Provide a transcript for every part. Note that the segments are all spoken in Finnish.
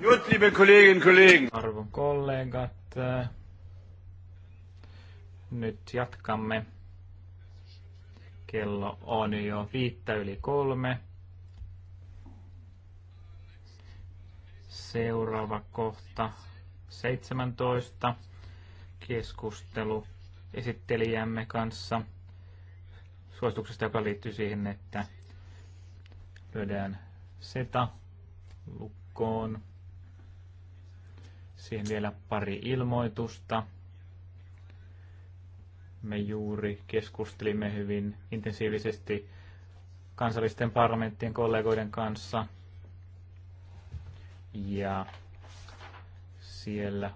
Jut, liebe Kolleginnen Kollegen. Arvon kollegat, äh, nyt jatkamme. Kello on jo viittä yli kolme. Seuraava kohta 17. Keskustelu esittelijämme kanssa suosituksesta, joka liittyy siihen, että lyödään seta lukkoon. Siihen vielä pari ilmoitusta. Me juuri keskustelimme hyvin intensiivisesti kansallisten parlamenttien kollegoiden kanssa. Ja siellä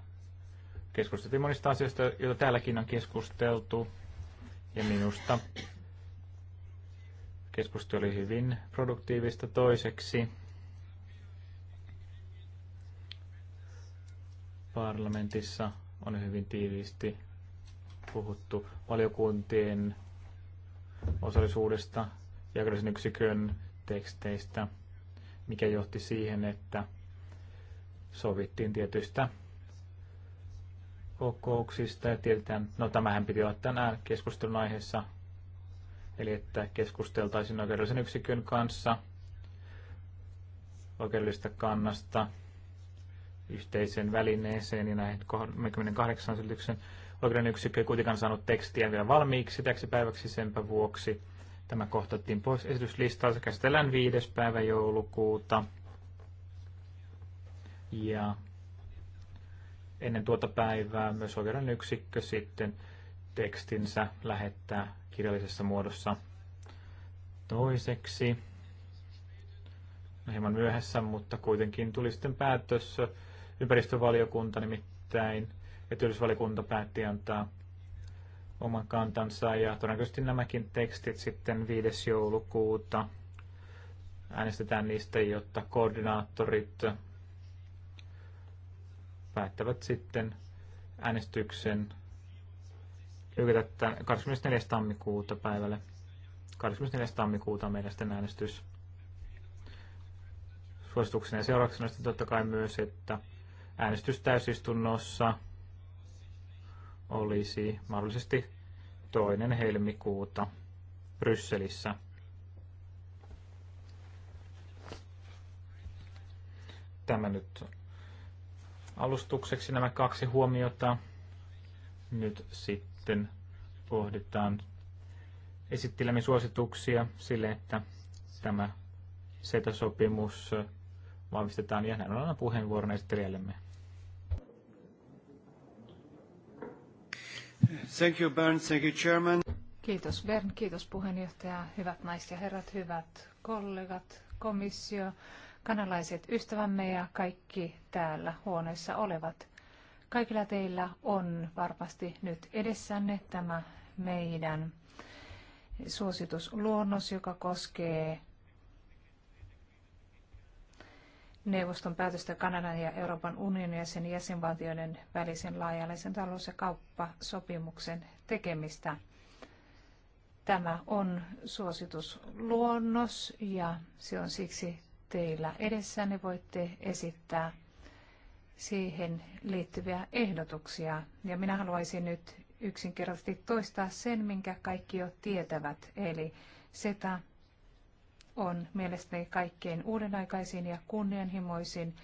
keskusteltiin monista asioista, joita täälläkin on keskusteltu. Ja minusta keskustelu oli hyvin produktiivista toiseksi. parlamentissa on hyvin tiiviisti puhuttu valiokuntien osallisuudesta ja yksikön teksteistä, mikä johti siihen, että sovittiin tietystä kokouksista ja tiedetään, no tämähän piti olla tänään keskustelun aiheessa, eli että keskusteltaisiin oikeudellisen yksikön kanssa oikeudellisesta kannasta yhteiseen välineeseen ja näihin 38 selityksen oikeuden yksikkö ei kuitenkaan saanut tekstiä vielä valmiiksi täksi päiväksi senpä vuoksi. Tämä kohtattiin pois esityslistaa. Se käsitellään 5. päivä joulukuuta. Ja ennen tuota päivää myös oikeuden yksikkö sitten tekstinsä lähettää kirjallisessa muodossa toiseksi. No hieman myöhässä, mutta kuitenkin tuli sitten päätös Ympäristövaliokunta nimittäin ja työllisyysvaliokunta päätti antaa oman kantansa ja todennäköisesti nämäkin tekstit sitten 5. joulukuuta äänestetään niistä, jotta koordinaattorit päättävät sitten äänestyksen lykätä 24. tammikuuta päivälle. 24. tammikuuta on meidän sitten äänestys. Suosituksena ja seurauksena sitten totta kai myös, että äänestys täysistunnossa olisi mahdollisesti toinen helmikuuta Brysselissä. Tämä nyt alustukseksi nämä kaksi huomiota. Nyt sitten pohditaan esittelemme suosituksia sille, että tämä SETA-sopimus vahvistetaan ja näin on puheenvuoron esittelijällemme. Thank you, Bernd. Thank you, Chairman. Kiitos Bern, kiitos puheenjohtaja, hyvät naiset ja herrat, hyvät kollegat, komissio, kanalaiset ystävämme ja kaikki täällä huoneessa olevat. Kaikilla teillä on varmasti nyt edessänne tämä meidän suositusluonnos, joka koskee neuvoston päätöstä Kanadan ja Euroopan unionin ja sen jäsenvaltioiden välisen laajallisen talous- ja kauppasopimuksen tekemistä. Tämä on suositusluonnos ja se on siksi teillä edessänne. Voitte esittää siihen liittyviä ehdotuksia. Ja minä haluaisin nyt yksinkertaisesti toistaa sen, minkä kaikki jo tietävät. Eli SETA on mielestäni kaikkein uudenaikaisin ja kunnianhimoisin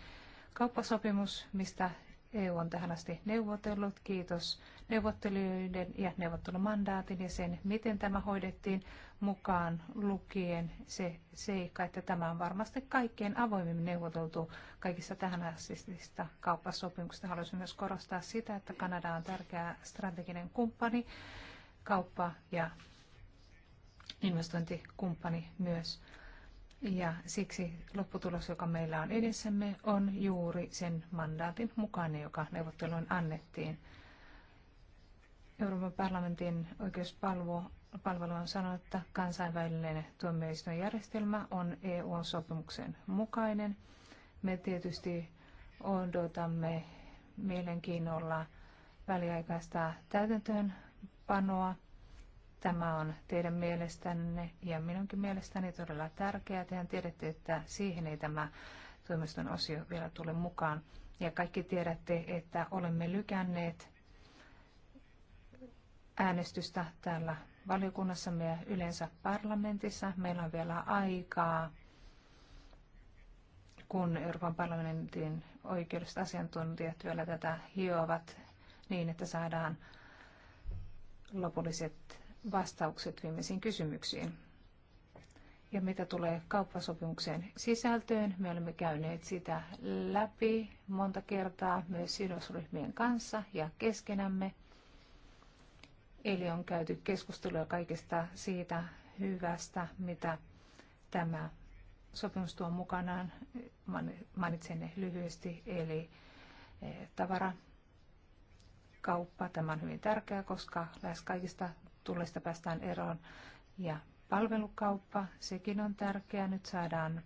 kauppasopimus, mistä EU on tähän asti neuvotellut. Kiitos neuvottelijoiden ja neuvottelumandaatin ja sen, miten tämä hoidettiin mukaan lukien se seikka, että tämä on varmasti kaikkein avoimimmin neuvoteltu kaikista tähän assistista kauppasopimuksista. Haluaisin myös korostaa sitä, että Kanada on tärkeä strateginen kumppani kauppa- ja investointikumppani myös. Ja siksi lopputulos, joka meillä on edessämme, on juuri sen mandaatin mukainen, joka neuvotteluun annettiin. Euroopan parlamentin oikeuspalvelu on sanonut, että kansainvälinen tuomioistuinjärjestelmä on EU-sopimuksen mukainen. Me tietysti odotamme mielenkiinnolla väliaikaista täytäntöönpanoa Tämä on teidän mielestänne ja minunkin mielestäni todella tärkeää. Tehän tiedätte, että siihen ei tämä toimiston osio vielä tule mukaan. Ja kaikki tiedätte, että olemme lykänneet äänestystä täällä valiokunnassamme ja yleensä parlamentissa. Meillä on vielä aikaa, kun Euroopan parlamentin oikeudelliset asiantuntijat vielä tätä hiovat niin, että saadaan lopulliset vastaukset viimeisiin kysymyksiin. Ja mitä tulee kauppasopimuksen sisältöön, me olemme käyneet sitä läpi monta kertaa myös sidosryhmien kanssa ja keskenämme. Eli on käyty keskustelua kaikesta siitä hyvästä, mitä tämä sopimus tuo mukanaan. Mainitsen ne lyhyesti, eli eh, tavara, kauppa. Tämä on hyvin tärkeää, koska lähes kaikista tullesta päästään eroon. Ja palvelukauppa, sekin on tärkeää. Nyt saadaan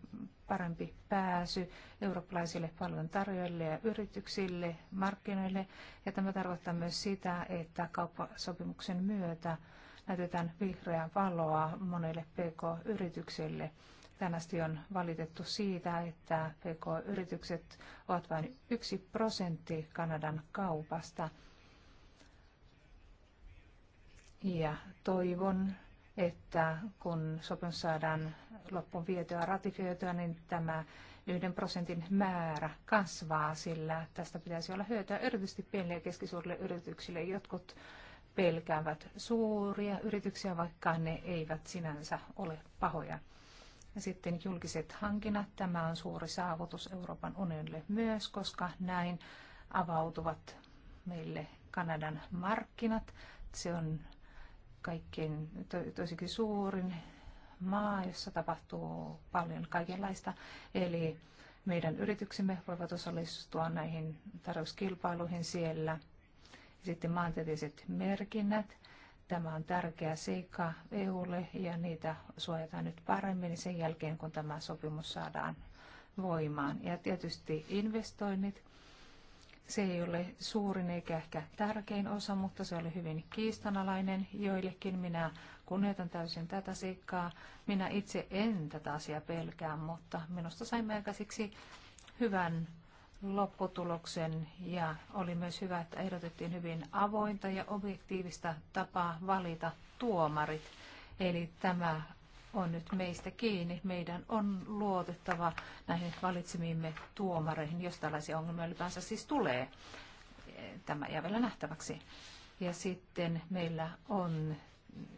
parempi pääsy eurooppalaisille palveluntarjoajille ja yrityksille, markkinoille. Ja tämä tarkoittaa myös sitä, että kauppasopimuksen myötä näytetään vihreää valoa monille PK-yrityksille. Tänästi on valitettu siitä, että PK-yritykset ovat vain yksi prosentti Kanadan kaupasta – ja toivon, että kun sopimus saadaan loppuun vietyä ratifioitua, niin tämä yhden prosentin määrä kasvaa, sillä tästä pitäisi olla hyötyä erityisesti pienille ja keskisuurille yrityksille. Jotkut pelkäävät suuria yrityksiä, vaikka ne eivät sinänsä ole pahoja. Ja sitten julkiset hankinnat. Tämä on suuri saavutus Euroopan unionille myös, koska näin avautuvat meille Kanadan markkinat. Se on kaikkein tosikin suurin maa, jossa tapahtuu paljon kaikenlaista. Eli meidän yrityksemme voivat osallistua näihin tarjouskilpailuihin siellä. Sitten maantieteiset merkinnät. Tämä on tärkeä seikka EUlle ja niitä suojataan nyt paremmin sen jälkeen, kun tämä sopimus saadaan voimaan. Ja tietysti investoinnit. Se ei ole suurin eikä ehkä tärkein osa, mutta se oli hyvin kiistanalainen joillekin. Minä kunnioitan täysin tätä seikkaa. Minä itse en tätä asiaa pelkää, mutta minusta saimme aikaiseksi hyvän lopputuloksen ja oli myös hyvä, että ehdotettiin hyvin avointa ja objektiivista tapaa valita tuomarit. Eli tämä on nyt meistä kiinni. Meidän on luotettava näihin valitsemiimme tuomareihin, jos tällaisia ongelmia ylipäänsä siis tulee. Tämä jää vielä nähtäväksi. Ja sitten meillä on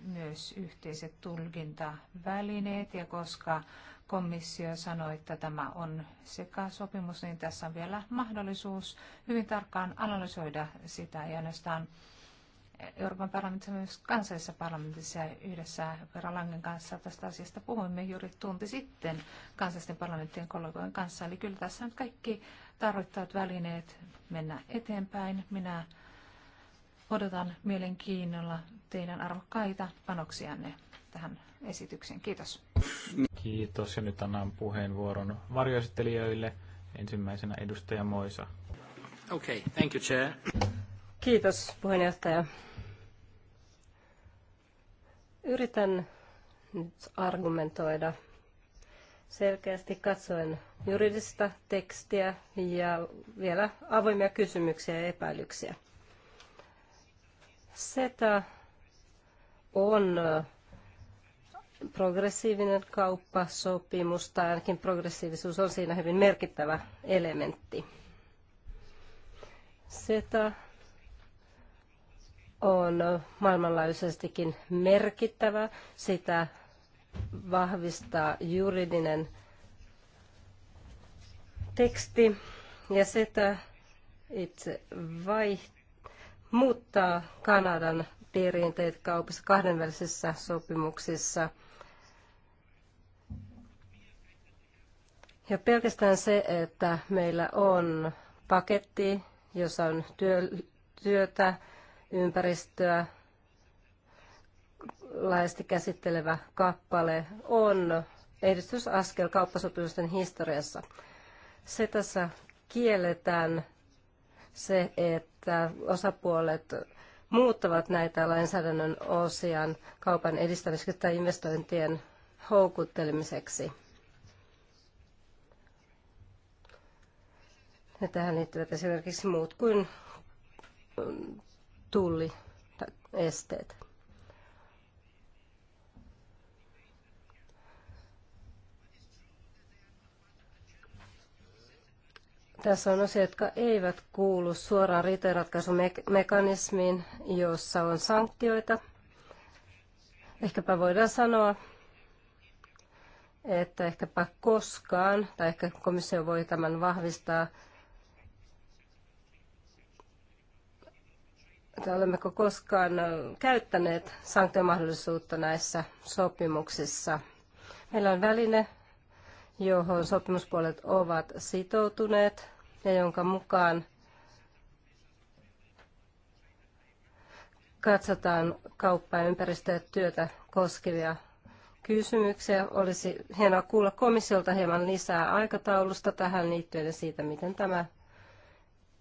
myös yhteiset tulkintavälineet ja koska komissio sanoi, että tämä on sekasopimus, niin tässä on vielä mahdollisuus hyvin tarkkaan analysoida sitä ja ainoastaan Euroopan parlamentissa myös kansallisessa parlamentissa ja yhdessä Vera Langen kanssa tästä asiasta puhuimme juuri tunti sitten kansallisten parlamenttien kollegojen kanssa. Eli kyllä tässä on kaikki tarvittavat välineet mennä eteenpäin. Minä odotan mielenkiinnolla teidän arvokkaita panoksianne tähän esitykseen. Kiitos. Kiitos ja nyt annan puheenvuoron varjoesittelijöille. Ensimmäisenä edustaja Moisa. Okay, thank you, chair. Kiitos puheenjohtaja. Yritän nyt argumentoida selkeästi katsoen juridista tekstiä ja vielä avoimia kysymyksiä ja epäilyksiä. SETA on progressiivinen kauppasopimus, tai ainakin progressiivisuus on siinä hyvin merkittävä elementti. SETA on maailmanlaajuisestikin merkittävä. Sitä vahvistaa juridinen teksti ja sitä itse vai muuttaa Kanadan perinteet kaupassa kahdenvälisissä sopimuksissa. Ja pelkästään se, että meillä on paketti, jossa on työ, työtä, ympäristöä laajasti käsittelevä kappale on edistysaskel kauppasopimusten historiassa. Se tässä kielletään se, että osapuolet muuttavat näitä lainsäädännön osiaan kaupan edistämiseksi tai investointien houkuttelemiseksi. Ja tähän liittyvät esimerkiksi muut kuin esteet. Tässä on osia, jotka eivät kuulu suoraan riitojenratkaisumekanismiin, jossa on sanktioita. Ehkäpä voidaan sanoa, että ehkäpä koskaan, tai ehkä komissio voi tämän vahvistaa, että olemmeko koskaan äh, käyttäneet sanktiomahdollisuutta näissä sopimuksissa. Meillä on väline, johon sopimuspuolet ovat sitoutuneet ja jonka mukaan katsotaan ja ympäristöä ja työtä koskevia kysymyksiä. Olisi hienoa kuulla komissiolta hieman lisää aikataulusta tähän liittyen ja siitä, miten tämä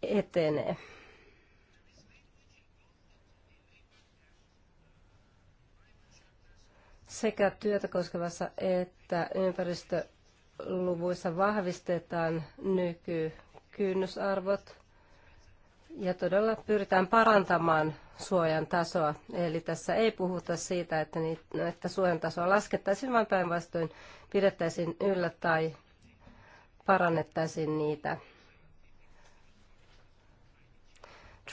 etenee. sekä työtä koskevassa että ympäristöluvuissa vahvistetaan nykykynnysarvot ja todella pyritään parantamaan suojan tasoa. Eli tässä ei puhuta siitä, että, niitä, että suojan tasoa laskettaisiin, vaan päinvastoin pidettäisiin yllä tai parannettaisiin niitä.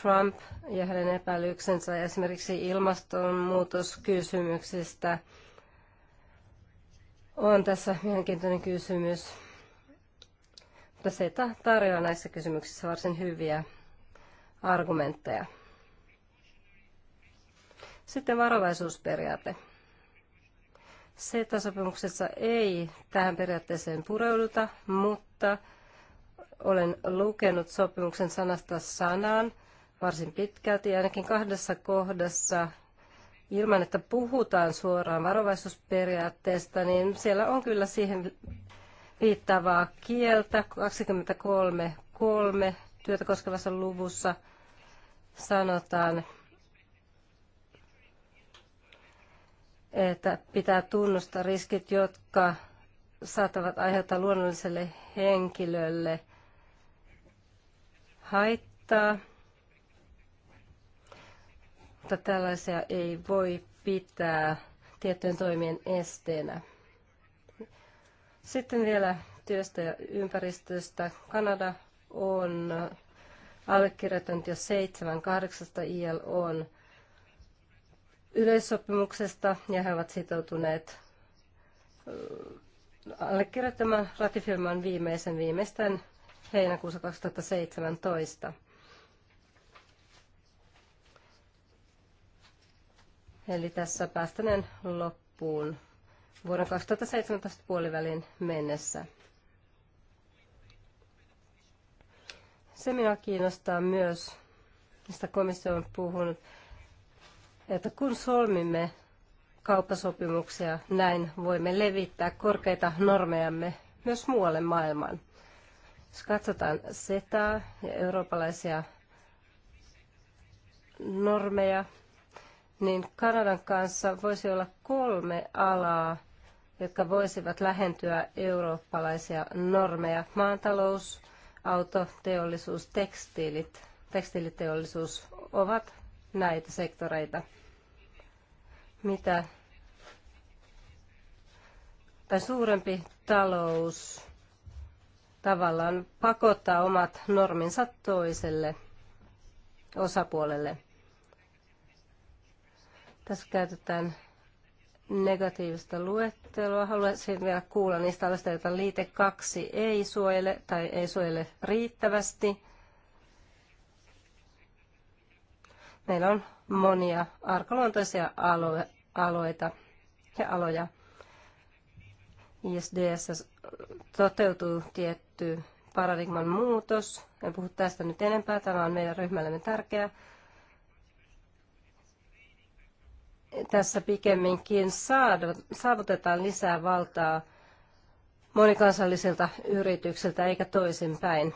Trump ja hänen epäilyksensä esimerkiksi ilmastonmuutoskysymyksistä – on tässä mielenkiintoinen kysymys. Mutta SETA tarjoaa näissä kysymyksissä varsin hyviä argumentteja. Sitten varovaisuusperiaate. SETA-sopimuksessa ei tähän periaatteeseen pureuduta, mutta olen lukenut sopimuksen sanasta sanaan varsin pitkälti, ainakin kahdessa kohdassa – ilman, että puhutaan suoraan varovaisuusperiaatteesta, niin siellä on kyllä siihen viittaavaa kieltä 23.3. työtä koskevassa luvussa sanotaan, että pitää tunnustaa riskit, jotka saattavat aiheuttaa luonnolliselle henkilölle haittaa mutta tällaisia ei voi pitää tiettyjen toimien esteenä. Sitten vielä työstä ja ympäristöstä. Kanada on allekirjoittanut jo seitsemän kahdeksasta ILOn yleissopimuksesta ja he ovat sitoutuneet allekirjoittamaan ratifioimaan viimeisen viimeistään heinäkuussa 2017. Eli tässä päästäneen loppuun vuoden 2017 puolivälin mennessä. Se minua kiinnostaa myös, mistä komissio on puhunut, että kun solmimme kauppasopimuksia, näin voimme levittää korkeita normejamme myös muualle maailmaan. Jos katsotaan SETAa ja eurooppalaisia normeja, niin Kanadan kanssa voisi olla kolme alaa, jotka voisivat lähentyä eurooppalaisia normeja. Maatalous, autoteollisuus, tekstiilit, tekstiiliteollisuus ovat näitä sektoreita. Mitä tai suurempi talous tavallaan pakottaa omat norminsa toiselle osapuolelle. Tässä käytetään negatiivista luettelua. Haluaisin siis vielä kuulla niistä aloista, joita liite 2 ei suojele tai ei suojele riittävästi. Meillä on monia arkaluontoisia alue, aloita ja aloja. ISDS toteutuu tietty paradigman muutos. En puhu tästä nyt enempää. Tämä on meidän ryhmällemme tärkeää. tässä pikemminkin saavutetaan lisää valtaa monikansallisilta yrityksiltä eikä toisinpäin.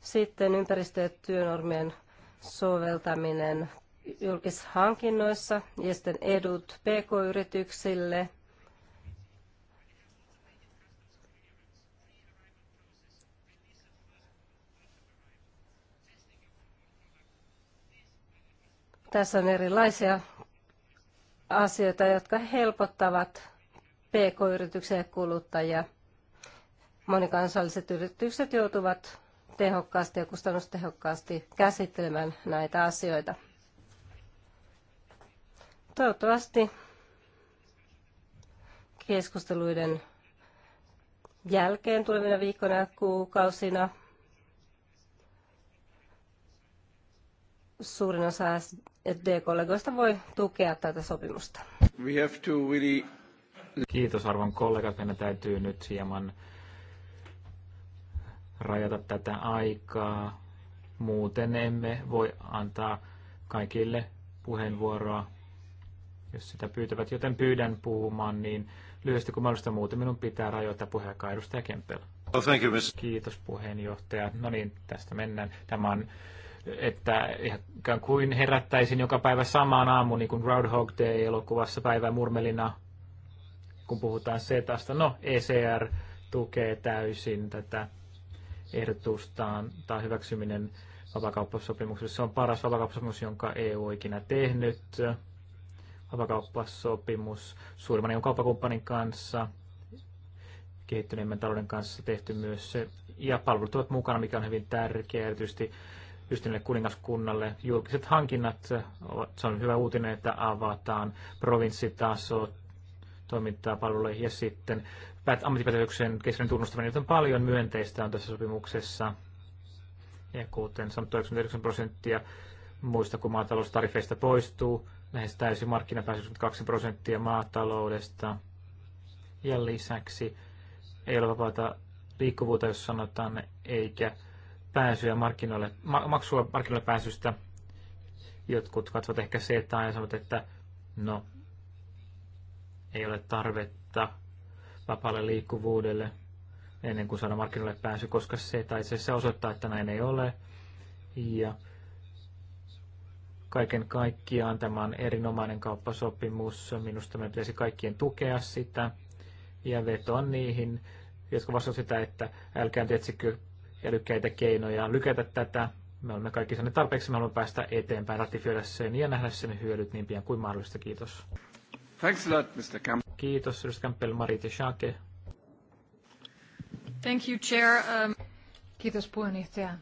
Sitten ympäristö- ja työnormien soveltaminen julkishankinnoissa ja sitten edut pk-yrityksille – Tässä on erilaisia asioita, jotka helpottavat pk-yrityksiä ja kuluttajia. Monikansalliset yritykset joutuvat tehokkaasti ja kustannustehokkaasti käsittelemään näitä asioita. Toivottavasti keskusteluiden jälkeen tulevina viikkoina ja kuukausina suurin osa SD-kollegoista voi tukea tätä sopimusta. We have to really... Kiitos arvon kollegat, meidän täytyy nyt hieman rajata tätä aikaa. Muuten emme voi antaa kaikille puheenvuoroa, jos sitä pyytävät. Joten pyydän puhumaan niin lyhyesti kuin mahdollista. Muuten minun pitää rajoittaa puheenjohtaja edustaja Kempel. Oh, thank you, miss. Kiitos puheenjohtaja. No niin, tästä mennään. Tämä on että ikään kuin herättäisin joka päivä samaan aamuun, niin kuin Groundhog Day-elokuvassa päivä murmelina, kun puhutaan setasta. No, ECR tukee täysin tätä ehdotustaan tai hyväksyminen vapakauppasopimuksessa. Se on paras vapakauppasopimus, jonka EU on ikinä tehnyt. Vapakauppasopimus suurimman EU kauppakumppanin kanssa, kehittyneemmän talouden kanssa tehty myös se. Ja palvelut ovat mukana, mikä on hyvin tärkeää, erityisesti yhdistyneelle kuningaskunnalle. Julkiset hankinnat, se on hyvä uutinen, että avataan provinssitaso toimintaa palveluihin ja sitten ammattipätevyyksien keskeinen tunnustaminen, on paljon myönteistä on tässä sopimuksessa. Ja kuten sanottu, 99 prosenttia muista kuin maataloustarifeista poistuu, lähes täysin markkinapääsy 2 prosenttia maataloudesta. Ja lisäksi ei ole vapaata liikkuvuutta, jos sanotaan, eikä pääsyä markkinoille, ma- maksua markkinoille pääsystä. Jotkut katsovat ehkä että ja sanovat, että no, ei ole tarvetta vapaalle liikkuvuudelle ennen kuin saadaan markkinoille pääsy, koska tai itse asiassa osoittaa, että näin ei ole. Ja kaiken kaikkiaan tämä on erinomainen kauppasopimus. Minusta me pitäisi kaikkien tukea sitä ja vetoa niihin, jotka vastaavat sitä, että älkää nyt etsikö älykkäitä keinoja lykätä tätä. Me olemme kaikki saaneet tarpeeksi, me haluamme päästä eteenpäin, ratifioida sen ja nähdä sen hyödyt niin pian kuin mahdollista. Kiitos. Thanks a lot, Mr. Camp. Kiitos, Mr. Campbell, Marit Schake. Thank you, Chair. Um... Kiitos puheenjohtaja.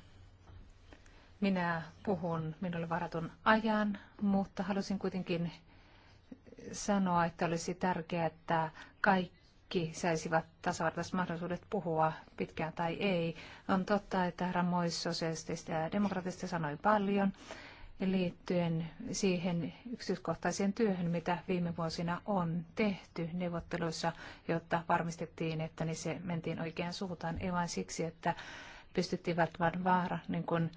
Minä puhun minulle varatun ajan, mutta halusin kuitenkin sanoa, että olisi tärkeää, että kaikki kaikki saisivat tasavertaiset mahdollisuudet puhua pitkään tai ei. On totta, että Ramois Mois sosialistista ja demokratista sanoi paljon liittyen siihen yksityiskohtaiseen työhön, mitä viime vuosina on tehty neuvotteluissa, jotta varmistettiin, että niin se mentiin oikeaan suuntaan. Ei vain siksi, että pystyttiin välttämään vaara, niin kuin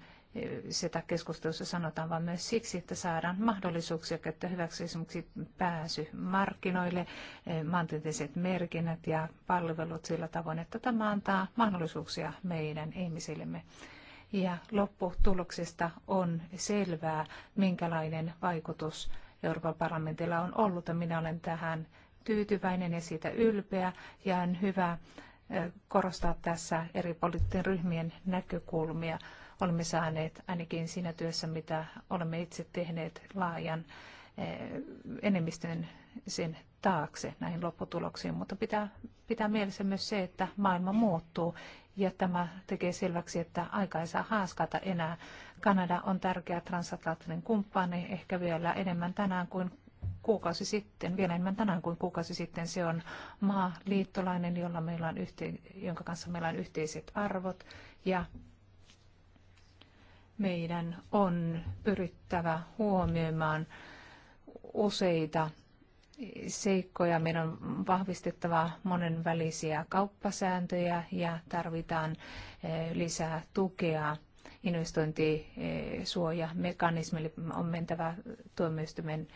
sitä keskustelussa sanotaan, vaan myös siksi, että saadaan mahdollisuuksia käyttää hyväksi esimerkiksi pääsy markkinoille, eh, maantieteelliset merkinnät ja palvelut sillä tavoin, että tämä antaa mahdollisuuksia meidän ihmisillemme ja lopputuloksesta on selvää, minkälainen vaikutus Euroopan parlamentilla on ollut. Ja minä olen tähän tyytyväinen ja siitä ylpeä ja on hyvä eh, korostaa tässä eri poliittisten ryhmien näkökulmia olemme saaneet ainakin siinä työssä, mitä olemme itse tehneet laajan eh, enemmistön sen taakse näihin lopputuloksiin, mutta pitää, pitää mielessä myös se, että maailma muuttuu ja tämä tekee selväksi, että aika ei saa haaskata enää. Kanada on tärkeä transatlanttinen kumppani, ehkä vielä enemmän tänään kuin kuukausi sitten, vielä enemmän tänään kuin kuukausi sitten. Se on maa liittolainen, jolla meillä on yhte, jonka kanssa meillä on yhteiset arvot ja meidän on pyrittävä huomioimaan useita seikkoja. Meidän on vahvistettava monenvälisiä kauppasääntöjä ja tarvitaan eh, lisää tukea investointisuojamekanismille on mentävä tuomioistuimen,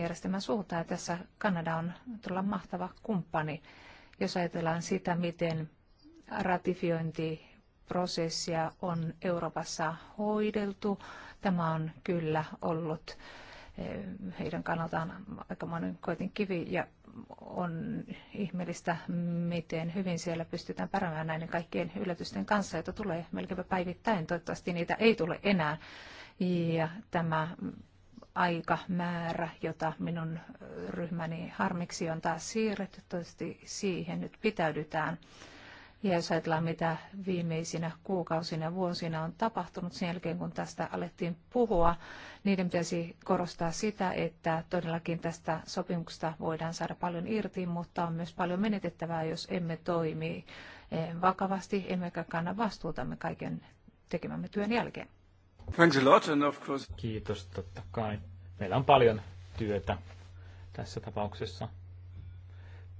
järjestelmän suuntaan. Tässä Kanada on todella mahtava kumppani. Jos ajatellaan sitä, miten ratifiointi prosessia on Euroopassa hoideltu. Tämä on kyllä ollut eh, heidän kannaltaan aikamoinen koitin kivi ja on ihmeellistä, miten hyvin siellä pystytään pärjäämään näiden kaikkien yllätysten kanssa, joita tulee melkeinpä päivittäin. Toivottavasti niitä ei tule enää. Ja tämä aikamäärä, jota minun ryhmäni harmiksi on taas siirretty, toivottavasti siihen nyt pitäydytään. Ja jos ajatellaan, mitä viimeisinä kuukausina ja vuosina on tapahtunut sen jälkeen, kun tästä alettiin puhua, niiden pitäisi korostaa sitä, että todellakin tästä sopimuksesta voidaan saada paljon irti, mutta on myös paljon menetettävää, jos emme toimi eh, vakavasti, emmekä kanna vastuutamme kaiken tekemämme työn jälkeen. Thanks a lot and of course... Kiitos totta kai. Meillä on paljon työtä tässä tapauksessa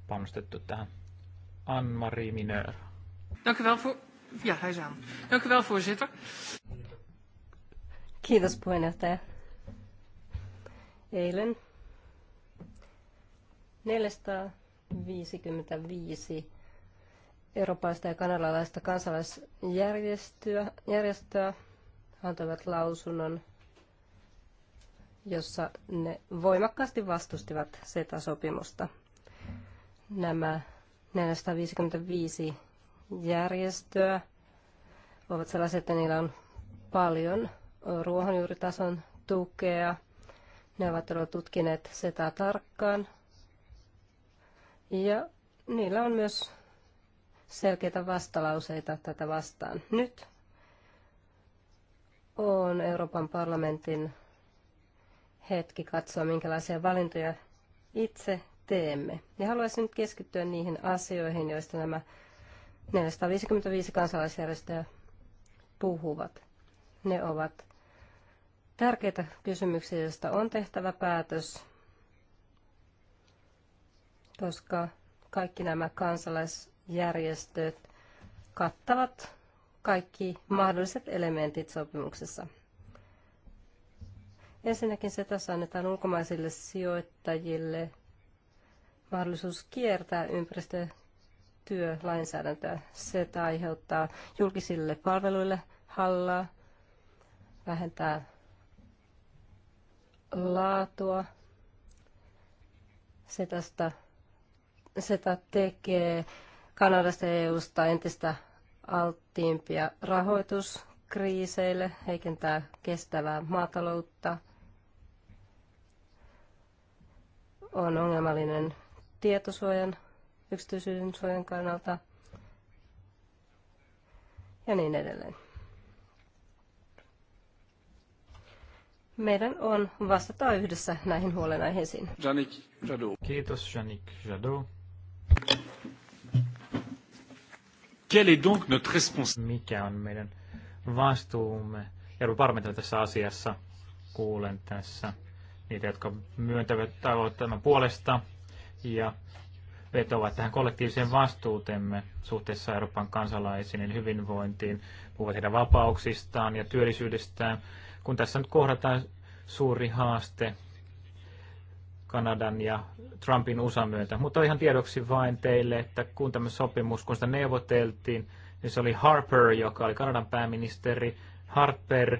panostettu tähän. Anne-Marie Mineur. Dank u wel voor... Ja, hij is aan. Dank u wel, voorzitter. Kiitos puheenjohtaja. Eilen 455 eurooppalaista ja kanadalaista kansalaisjärjestöä järjestöä antoivat lausunnon, jossa ne voimakkaasti vastustivat SETA-sopimusta. Nämä 455 järjestöä ovat sellaisia, että niillä on paljon ruohonjuuritason tukea. Ne ovat olleet tutkineet sitä tarkkaan. Ja niillä on myös selkeitä vastalauseita tätä vastaan. Nyt on Euroopan parlamentin hetki katsoa, minkälaisia valintoja itse teemme. Ja haluaisin nyt keskittyä niihin asioihin, joista nämä 455 kansalaisjärjestöä puhuvat. Ne ovat tärkeitä kysymyksiä, joista on tehtävä päätös, koska kaikki nämä kansalaisjärjestöt kattavat kaikki mahdolliset elementit sopimuksessa. Ensinnäkin se tässä annetaan ulkomaisille sijoittajille mahdollisuus kiertää ympäristö- työlainsäädäntöä. Se aiheuttaa julkisille palveluille hallaa, vähentää laatua. Se tästä se tekee Kanadasta ja EUsta entistä alttiimpia rahoituskriiseille, heikentää kestävää maataloutta, on ongelmallinen tietosuojan yksityisyyden suojan kannalta ja niin edelleen. Meidän on vastata yhdessä näihin huolenaiheisiin. Janik Jadot. Kiitos Janik Jadot. Quelle est donc notre Mikä on meidän vastuumme? Ja Parmetilla tässä asiassa kuulen tässä niitä, jotka myöntävät tavoitteen puolesta ja vetoavat tähän kollektiiviseen vastuutemme suhteessa Euroopan kansalaisiin ja hyvinvointiin, puhuvat heidän vapauksistaan ja työllisyydestään, kun tässä nyt kohdataan suuri haaste Kanadan ja Trumpin USA myötä. Mutta ihan tiedoksi vain teille, että kun tämä sopimus, kun sitä neuvoteltiin, niin se oli Harper, joka oli Kanadan pääministeri. Harper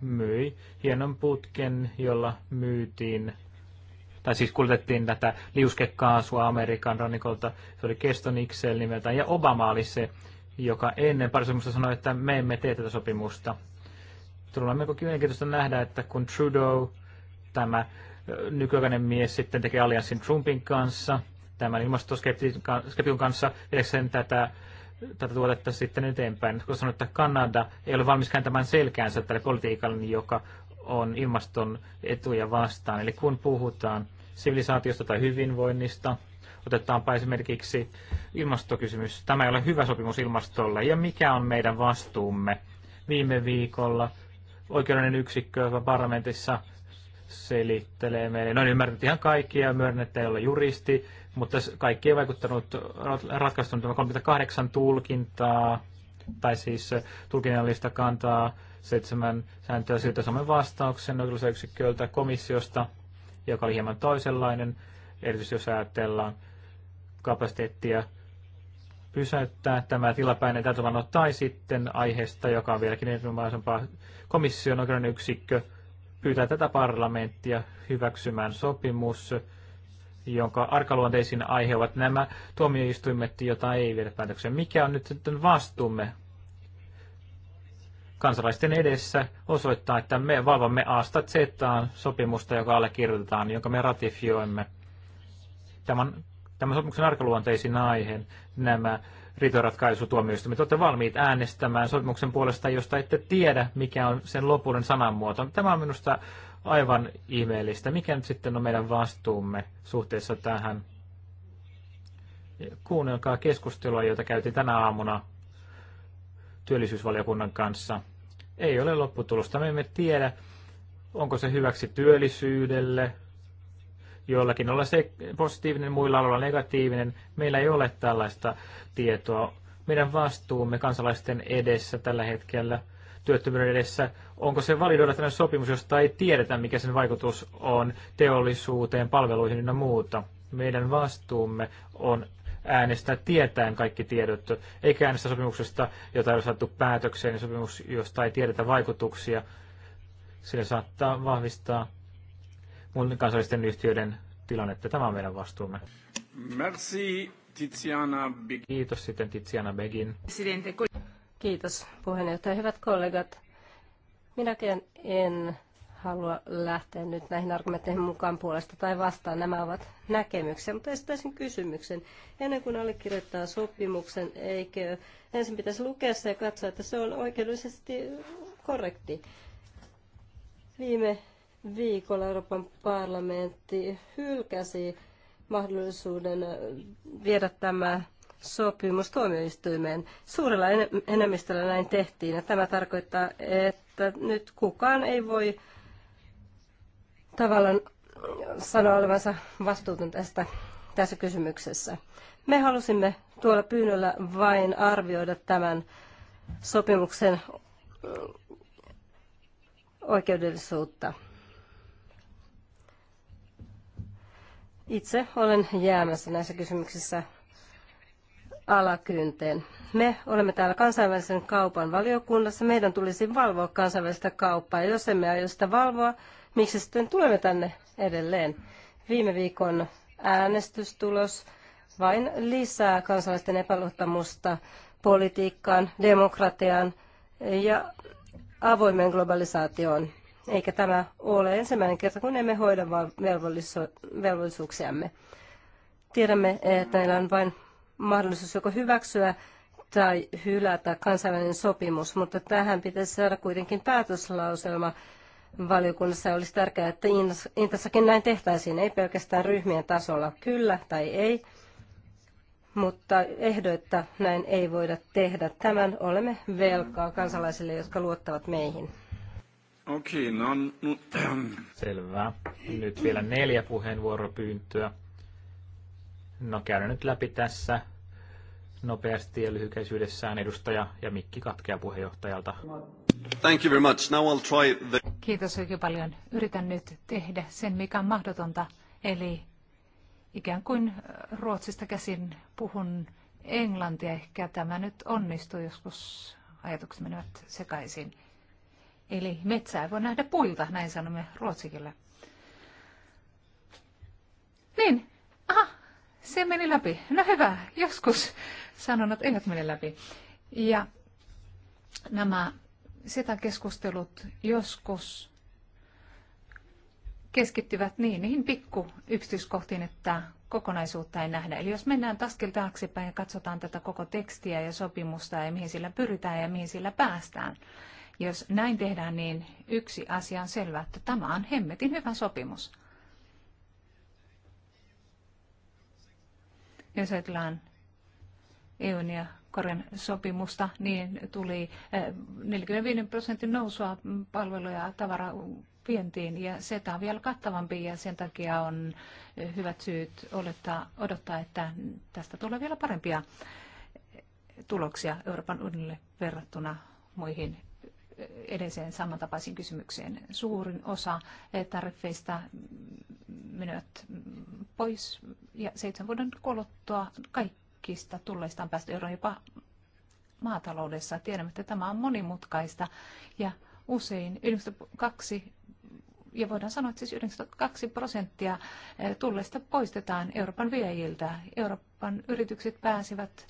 myi hienon putken, jolla myytiin tai siis kuljetettiin tätä liuskekaasua Amerikan rannikolta, se oli Keston Ixel nimeltään, ja Obama oli se, joka ennen pari sanoi, että me emme tee tätä sopimusta. Tullaan melko mielenkiintoista nähdä, että kun Trudeau, tämä nykyaikainen mies, sitten tekee allianssin Trumpin kanssa, tämän ilmastoskeptikon kanssa, sen tätä tätä tuotetta sitten eteenpäin. Kun sanoin, että Kanada ei ole valmis kääntämään selkäänsä tälle politiikalle, joka on ilmaston etuja vastaan. Eli kun puhutaan sivilisaatiosta tai hyvinvoinnista. Otetaanpa esimerkiksi ilmastokysymys. Tämä ei ole hyvä sopimus ilmastolle. Ja mikä on meidän vastuumme? Viime viikolla oikeudellinen yksikkö parlamentissa selittelee meille. No niin, ihan kaikkia, myönnän, että ei ole juristi, mutta kaikki ei vaikuttanut ratkaistunut tämä 38 tulkintaa, tai siis äh, tulkinnallista kantaa seitsemän sääntöä siitä saamme vastauksen oikeudelliselta yksikköltä komissiosta joka oli hieman toisenlainen, erityisesti jos ajatellaan kapasiteettia pysäyttää tämä tilapäinen täytövano tai sitten aiheesta, joka on vieläkin erinomaisempaa. Komission oikeuden yksikkö pyytää tätä parlamenttia hyväksymään sopimus, jonka arkaluonteisin aihe ovat nämä tuomioistuimet, jota ei viedä päätökseen. Mikä on nyt sitten vastuumme kansalaisten edessä osoittaa, että me valvomme asta Zetaan sopimusta, joka allekirjoitetaan, jonka me ratifioimme. Tämän, tämän sopimuksen arkaluonteisin aiheen nämä riitoratkaisutuomioistuimet. Olette valmiit äänestämään sopimuksen puolesta, josta ette tiedä, mikä on sen lopullinen sananmuoto. Tämä on minusta aivan ihmeellistä. Mikä nyt sitten on meidän vastuumme suhteessa tähän? Kuunnelkaa keskustelua, jota käytiin tänä aamuna työllisyysvaliokunnan kanssa ei ole lopputulosta. Me emme tiedä, onko se hyväksi työllisyydelle, joillakin olla se positiivinen, muilla olla negatiivinen. Meillä ei ole tällaista tietoa. Meidän vastuumme kansalaisten edessä tällä hetkellä, työttömyyden edessä, onko se validoida tällainen sopimus, josta ei tiedetä, mikä sen vaikutus on teollisuuteen, palveluihin ja muuta. Meidän vastuumme on äänestää tietäen kaikki tiedot, eikä äänestä sopimuksesta, jota ei ole saatu päätökseen, niin sopimus, josta ei tiedetä vaikutuksia, sillä saattaa vahvistaa muiden kansallisten yhtiöiden tilannetta. Tämä on meidän vastuumme. Merci, Tiziana Begin. Kiitos sitten Tiziana Begin. Kiitos puheenjohtaja. Hyvät kollegat, minäkin en halua lähteä nyt näihin argumentteihin mukaan puolesta tai vastaan. Nämä ovat näkemyksiä, mutta esittäisin kysymyksen. Ennen kuin allekirjoittaa sopimuksen, eikö ensin pitäisi lukea se ja katsoa, että se on oikeudellisesti korrekti. Viime viikolla Euroopan parlamentti hylkäsi mahdollisuuden viedä tämä sopimus tuomioistuimeen. Suurella enemmistöllä näin tehtiin ja tämä tarkoittaa, että nyt kukaan ei voi tavallaan sanoa olevansa vastuutun tästä tässä kysymyksessä. Me halusimme tuolla pyynnöllä vain arvioida tämän sopimuksen oikeudellisuutta. Itse olen jäämässä näissä kysymyksissä alakynteen. Me olemme täällä kansainvälisen kaupan valiokunnassa. Meidän tulisi valvoa kansainvälistä kauppaa. Ja jos emme aio sitä valvoa, miksi sitten tulemme tänne edelleen. Viime viikon äänestystulos vain lisää kansalaisten epäluottamusta politiikkaan, demokratiaan ja avoimen globalisaatioon. Eikä tämä ole ensimmäinen kerta, kun emme hoida velvollisuuksiamme. Tiedämme, että meillä on vain mahdollisuus joko hyväksyä tai hylätä kansainvälinen sopimus, mutta tähän pitäisi saada kuitenkin päätöslauselma valiokunnassa olisi tärkeää, että Intassakin näin tehtäisiin, ei pelkästään ryhmien tasolla kyllä tai ei, mutta ehdoitta näin ei voida tehdä. Tämän olemme velkaa kansalaisille, jotka luottavat meihin. Okei, okay, no, no Selvä. Nyt vielä neljä puheenvuoropyyntöä. No käydään nyt läpi tässä nopeasti ja lyhykäisyydessään edustaja ja mikki katkeaa puheenjohtajalta. Thank you very much. Now I'll try the... Kiitos oikein paljon. Yritän nyt tehdä sen, mikä on mahdotonta, eli ikään kuin Ruotsista käsin puhun englantia. Ehkä tämä nyt onnistuu, joskus ajatukset menevät sekaisin. Eli metsää voi nähdä puilta, näin sanomme ruotsikille. Niin, aha, se meni läpi. No hyvä, joskus sanonnat eivät mene läpi. Ja nämä sitä keskustelut joskus keskittyvät niin, niihin pikku yksityiskohtiin, että kokonaisuutta ei nähdä. Eli jos mennään taskel taaksepäin ja katsotaan tätä koko tekstiä ja sopimusta ja mihin sillä pyritään ja mihin sillä päästään, jos näin tehdään, niin yksi asia on selvä, että tämä on hemmetin hyvä sopimus. Jos ajatellaan EUn ja Koren sopimusta, niin tuli 45 eh, prosentin nousua palveluja ja tavara vientiin ja se on vielä kattavampi ja sen takia on eh, hyvät syyt olettaa, odottaa, että tästä tulee vielä parempia eh, tuloksia Euroopan unionille verrattuna muihin edelliseen samantapaisiin kysymykseen. Suurin osa tariffeista menevät pois ja seitsemän vuoden kuluttua kaikki kaikista tulleista on päästy eroon jopa maataloudessa. Tiedämme, että tämä on monimutkaista ja usein 92 ja voidaan sanoa, että siis 92 prosenttia eh, tulleista poistetaan Euroopan viejiltä. Euroopan yritykset pääsevät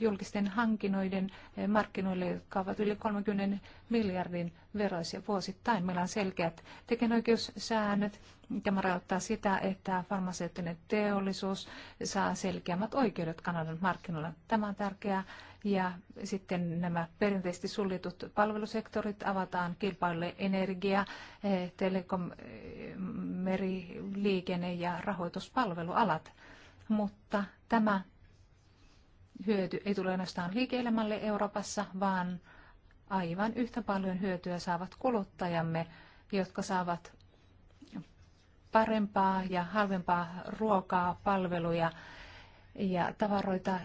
julkisten hankinoiden eh, markkinoille, jotka ovat yli 30 miljardin veroisia vuosittain. Meillä on selkeät tekijänoikeussäännöt. Tämä rajoittaa sitä, että farmaseuttinen teollisuus saa selkeämmät oikeudet Kanadan markkinoilla. Tämä on tärkeää. Ja sitten nämä perinteisesti suljetut palvelusektorit avataan kilpailulle energia, eh, telekom, eh, meriliikenne ja rahoituspalvelualat. Mutta tämä hyöty ei tule ainoastaan liike-elämälle Euroopassa, vaan aivan yhtä paljon hyötyä saavat kuluttajamme, jotka saavat parempaa ja halvempaa ruokaa, palveluja ja tavaroita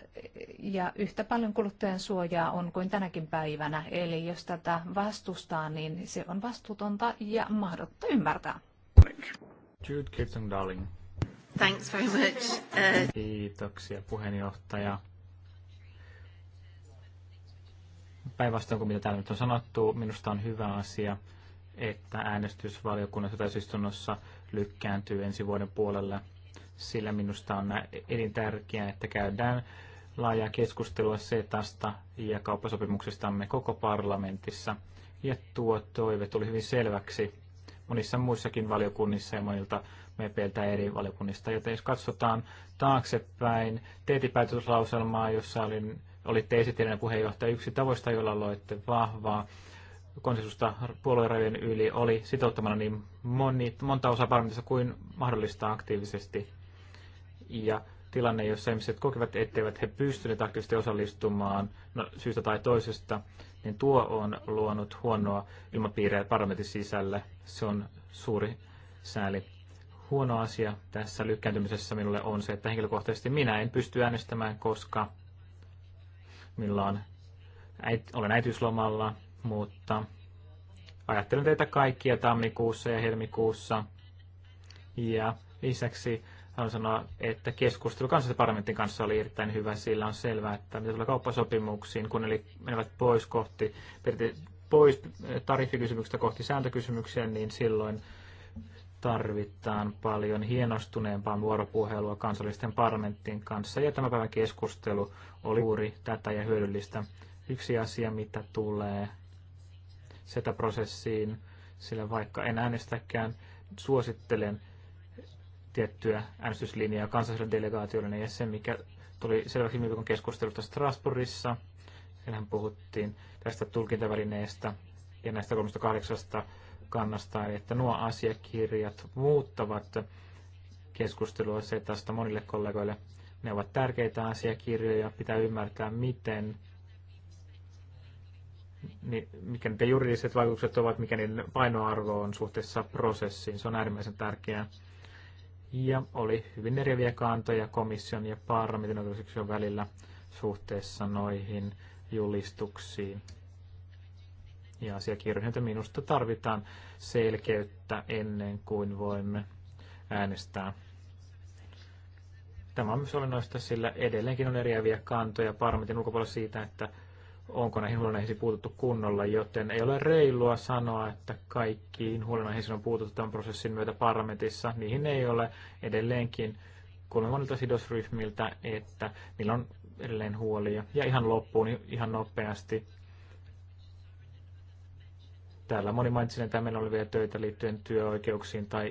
ja yhtä paljon kuluttajan suojaa on kuin tänäkin päivänä. Eli jos tätä vastustaa, niin se on vastuutonta ja mahdotonta ymmärtää. Jude Kirsten, darling. Thanks very much. Uh... Kiitoksia puheenjohtaja. Päinvastoin kuin mitä täällä nyt on sanottu, minusta on hyvä asia, että äänestysvaliokunnassa syystunnossa lykkääntyy ensi vuoden puolelle, sillä minusta on elintärkeää, että käydään laajaa keskustelua CETAsta ja kauppasopimuksestamme koko parlamentissa. Ja tuo toive tuli hyvin selväksi monissa muissakin valiokunnissa ja monilta mepeiltä eri valiokunnista. Joten jos katsotaan taaksepäin teetipäätöslauselmaa, jossa olin olitte esittelijänä puheenjohtaja. Yksi tavoista, jolla loitte vahvaa konsensusta puolueen yli, oli sitouttamana niin moni, monta osaa parlamentissa kuin mahdollista aktiivisesti. Ja tilanne, jossa ihmiset kokevat, etteivät he pystyneet aktiivisesti osallistumaan no, syystä tai toisesta, niin tuo on luonut huonoa ilmapiiriä parlamentin sisälle. Se on suuri sääli. Huono asia tässä lykkääntymisessä minulle on se, että henkilökohtaisesti minä en pysty äänestämään, koska milloin äit, olen äitiyslomalla, mutta ajattelen teitä kaikkia tammikuussa ja helmikuussa. Ja lisäksi haluan sanoa, että keskustelu kansallisen parlamentin kanssa oli erittäin hyvä. Sillä on selvää, että mitä tulee kauppasopimuksiin, kun ne menevät pois kohti pois tariffikysymyksistä kohti sääntökysymyksiä, niin silloin tarvitaan paljon hienostuneempaa vuoropuhelua kansallisten parlamenttien kanssa. Ja tämä päivän keskustelu oli juuri tätä ja hyödyllistä. Yksi asia, mitä tulee sitä prosessiin sillä vaikka en äänestäkään, suosittelen tiettyä äänestyslinjaa kansallisille delegaatiolle, ja se, mikä tuli selväksi viime viikon keskustelusta Strasbourgissa, siellähän puhuttiin tästä tulkintavälineestä ja näistä 38 kannasta, että nuo asiakirjat muuttavat keskustelua tästä monille kollegoille. Ne ovat tärkeitä asiakirjoja, pitää ymmärtää miten, mikä niiden juridiset vaikutukset ovat, mikä niiden painoarvo on suhteessa prosessiin. Se on äärimmäisen tärkeää. Ja oli hyvin eriäviä kantoja komission ja parlamentin välillä suhteessa noihin julistuksiin ja asiakirjoihin, joten minusta tarvitaan selkeyttä ennen kuin voimme äänestää. Tämä on myös olennaista, sillä edelleenkin on eriäviä kantoja parlamentin ulkopuolella siitä, että onko näihin huolenaiheisiin puututtu kunnolla, joten ei ole reilua sanoa, että kaikkiin huolenaiheisiin on puututtu tämän prosessin myötä parlamentissa. Niihin ei ole edelleenkin kuulemme monilta sidosryhmiltä, että niillä on edelleen huolia. Ja ihan loppuun ihan nopeasti Täällä moni mainitsi että meillä vielä töitä liittyen työoikeuksiin tai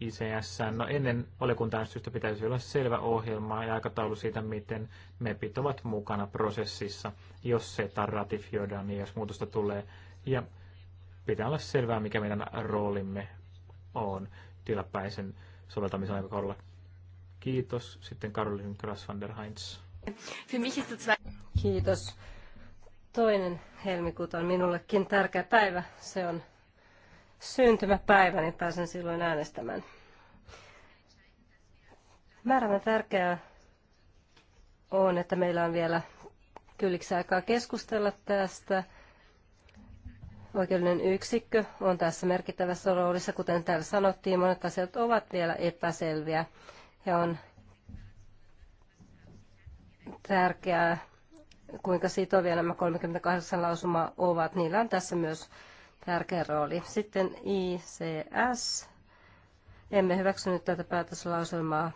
ICS. No ennen valiokuntaäänestystä pitäisi olla selvä ohjelma ja aikataulu siitä, miten MEPit ovat mukana prosessissa, jos se ratifioidaan niin jos muutosta tulee. Ja pitää olla selvää, mikä meidän roolimme on tilapäisen soveltamisen aikakaudella. Kiitos. Sitten Karolin Krasvanderheinz. Kiitos. Toinen helmikuuta on minullekin tärkeä päivä. Se on syntymäpäiväni, niin pääsen silloin äänestämään. Määrämme tärkeää on, että meillä on vielä kylliksi aikaa keskustella tästä. Oikeudellinen yksikkö on tässä merkittävässä roolissa, kuten täällä sanottiin, monet asiat ovat vielä epäselviä ja on tärkeää kuinka sitovia nämä 38 lausumaa ovat. Niillä on tässä myös tärkeä rooli. Sitten ICS. Emme hyväksynyt tätä päätöslauselmaa äh,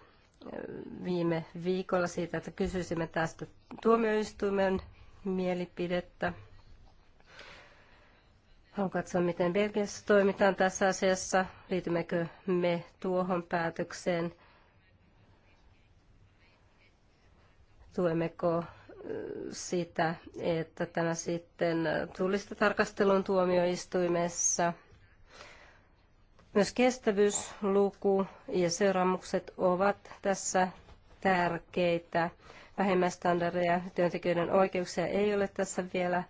viime viikolla siitä, että kysyisimme tästä tuomioistuimen mielipidettä. Haluan katsoa, miten Belgiassa toimitaan tässä asiassa. Liitymmekö me tuohon päätökseen? Tuemmeko sitä, että tämä sitten tulisi tarkastelun tuomioistuimessa. Myös kestävyysluku ja seuraamukset ovat tässä tärkeitä. Vähimmäistandardeja työntekijöiden oikeuksia ei ole tässä vielä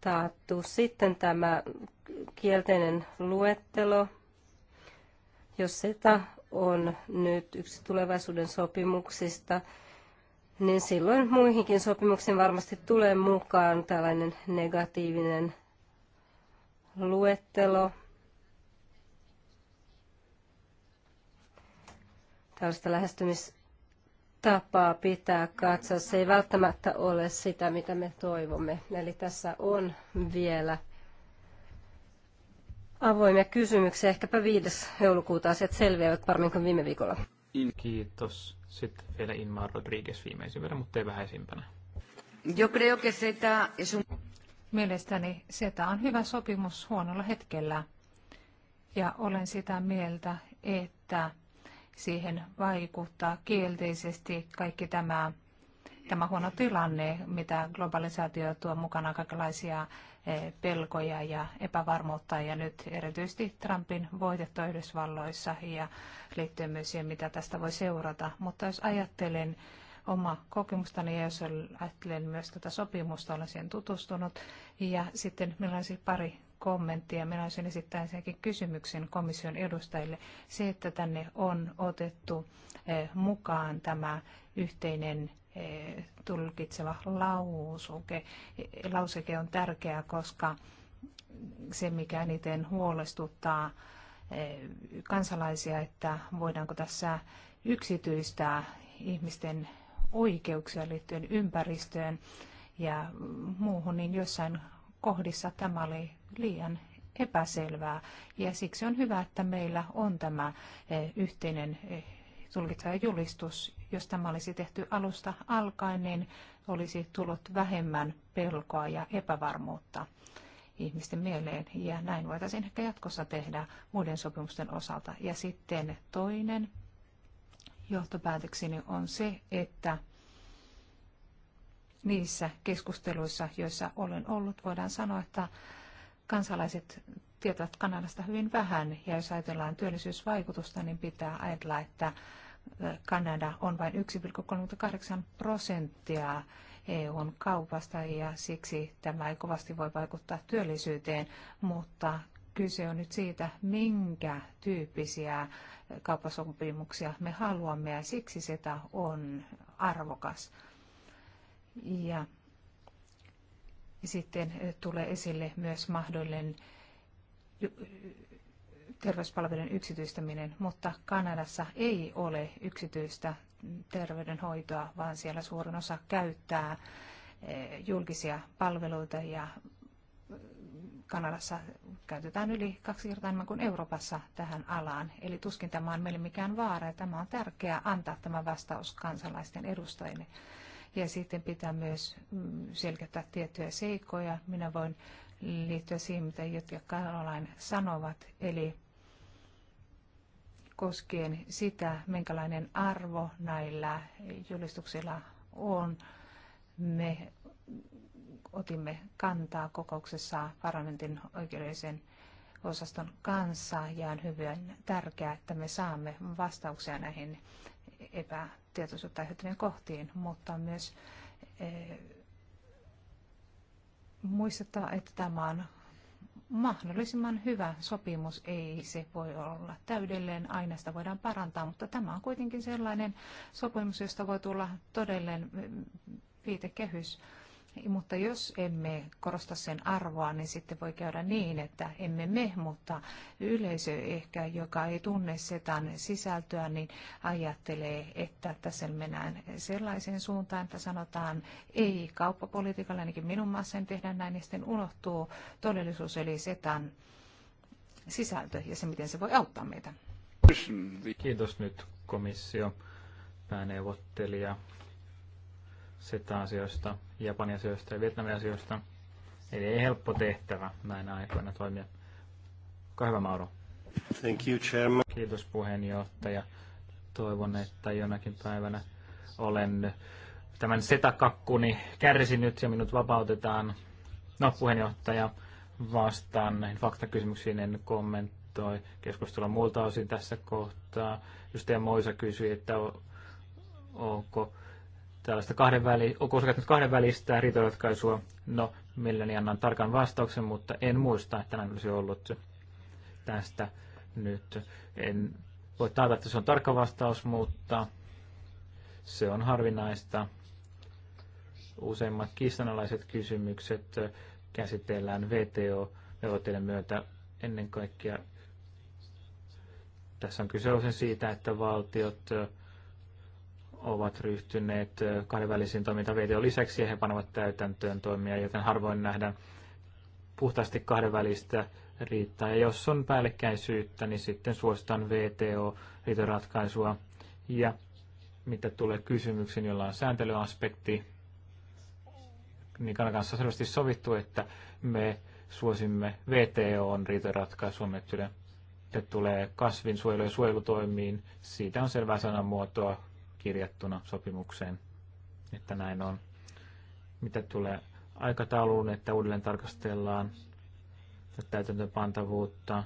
taattu. Sitten tämä kielteinen luettelo, jos SETA on nyt yksi tulevaisuuden sopimuksista, niin silloin muihinkin sopimuksiin varmasti tulee mukaan tällainen negatiivinen luettelo. Tällaista lähestymistapaa pitää katsoa. Se ei välttämättä ole sitä, mitä me toivomme. Eli tässä on vielä avoimia kysymyksiä. Ehkäpä 5. joulukuuta asiat selviävät paremmin kuin viime viikolla. In... Kiitos. Sitten vielä Inmar Rodriguez viimeisimpänä, mutta ei vähäisimpänä. Yo creo que Zeta es un... Mielestäni Zeta on hyvä sopimus huonolla hetkellä ja olen sitä mieltä, että siihen vaikuttaa kielteisesti kaikki tämä tämä huono tilanne, mitä globalisaatio tuo mukana kaikenlaisia eh, pelkoja ja epävarmuutta ja nyt erityisesti Trumpin voitetta Yhdysvalloissa ja liittyen myös siihen, mitä tästä voi seurata. Mutta jos ajattelen oma kokemustani ja jos ajattelen myös tätä sopimusta, olen siihen tutustunut ja sitten meillä olisi pari kommenttia. Minä olisin esittää ensinnäkin kysymyksen komission edustajille. Se, että tänne on otettu eh, mukaan tämä yhteinen tulkitseva lausuke. lauseke on tärkeä, koska se, mikä eniten huolestuttaa e, kansalaisia, että voidaanko tässä yksityistää ihmisten oikeuksia liittyen ympäristöön ja muuhun, niin jossain kohdissa tämä oli liian epäselvää. Ja siksi on hyvä, että meillä on tämä e, yhteinen e, tulkitsee julistus. Jos tämä olisi tehty alusta alkaen, niin olisi tullut vähemmän pelkoa ja epävarmuutta ihmisten mieleen. Ja näin voitaisiin ehkä jatkossa tehdä muiden sopimusten osalta. Ja sitten toinen johtopäätökseni on se, että niissä keskusteluissa, joissa olen ollut, voidaan sanoa, että kansalaiset tietävät Kanadasta hyvin vähän. Ja jos ajatellaan työllisyysvaikutusta, niin pitää ajatella, että Kanada on vain 1,38 prosenttia EUn kaupasta ja siksi tämä ei kovasti voi vaikuttaa työllisyyteen, mutta kyse on nyt siitä, minkä tyyppisiä kauppasopimuksia me haluamme ja siksi sitä on arvokas. Ja sitten tulee esille myös mahdollinen terveyspalvelujen yksityistäminen, mutta Kanadassa ei ole yksityistä terveydenhoitoa, vaan siellä suurin osa käyttää eh, julkisia palveluita ja eh, Kanadassa käytetään yli kaksi kertaa enemmän kuin Euroopassa tähän alaan. Eli tuskin tämä on meille mikään vaara ja tämä on tärkeää antaa tämä vastaus kansalaisten edustajille. Ja sitten pitää myös mm, selkeyttää tiettyjä seikkoja. Minä voin liittyä siihen, mitä jotkut Karolain sanovat. Eli koskien sitä, minkälainen arvo näillä julistuksilla on. Me otimme kantaa kokouksessa parlamentin oikeudellisen osaston kanssa ja on hyvin tärkeää, että me saamme vastauksia näihin epätietoisuutta aiheuttaviin kohtiin, mutta myös eh, muistettava, että tämä on mahdollisimman hyvä sopimus. Ei se voi olla täydellinen, aina sitä voidaan parantaa, mutta tämä on kuitenkin sellainen sopimus, josta voi tulla todellinen viitekehys mutta jos emme korosta sen arvoa, niin sitten voi käydä niin, että emme me, mutta yleisö ehkä, joka ei tunne setan sisältöä, niin ajattelee, että tässä mennään sellaiseen suuntaan, että sanotaan ei kauppapolitiikalle, ainakin minun en tehdä näin, niin sitten unohtuu todellisuus, eli setan sisältö ja se, miten se voi auttaa meitä. Kiitos nyt komissio pääneuvottelija sitten asioista Japanin asioista ja Vietnamin asioista. Eli ei helppo tehtävä näin aikoina toimia. Olkaa hyvä, Mauro. Thank you, chairman. Kiitos puheenjohtaja. Toivon, että jonakin päivänä olen tämän setakakkuni kärsinyt ja minut vapautetaan. No, puheenjohtaja vastaan näihin faktakysymyksiin en kommentoi keskustelua muilta osin tässä kohtaa. Justaja Moisa kysyi, että onko tällaista väli, onko kahden välistä riitoratkaisua? No, mielelläni annan tarkan vastauksen, mutta en muista, että näin olisi ollut tästä nyt. En voi taata, että se on tarkka vastaus, mutta se on harvinaista. Useimmat kiistanalaiset kysymykset käsitellään VTO-neuvotteiden myötä ennen kaikkea. Tässä on kyse usein siitä, että valtiot ovat ryhtyneet kahdenvälisiin toimintaan VTO lisäksi ja he panovat täytäntöön toimia, joten harvoin nähdään puhtaasti kahdenvälistä riittää. Ja jos on päällekkäisyyttä, niin sitten suositaan VTO riitoratkaisua. Ja mitä tulee kysymyksiin, jolla on sääntelyaspekti, niin kanssa selvästi sovittu, että me suosimme VTOn riitoratkaisua. Me tulee kasvinsuojelu- ja suojelutoimiin. Siitä on selvää sanamuotoa kirjattuna sopimukseen, että näin on. Mitä tulee aikatauluun, että uudelleen tarkastellaan täytäntöpantavuutta.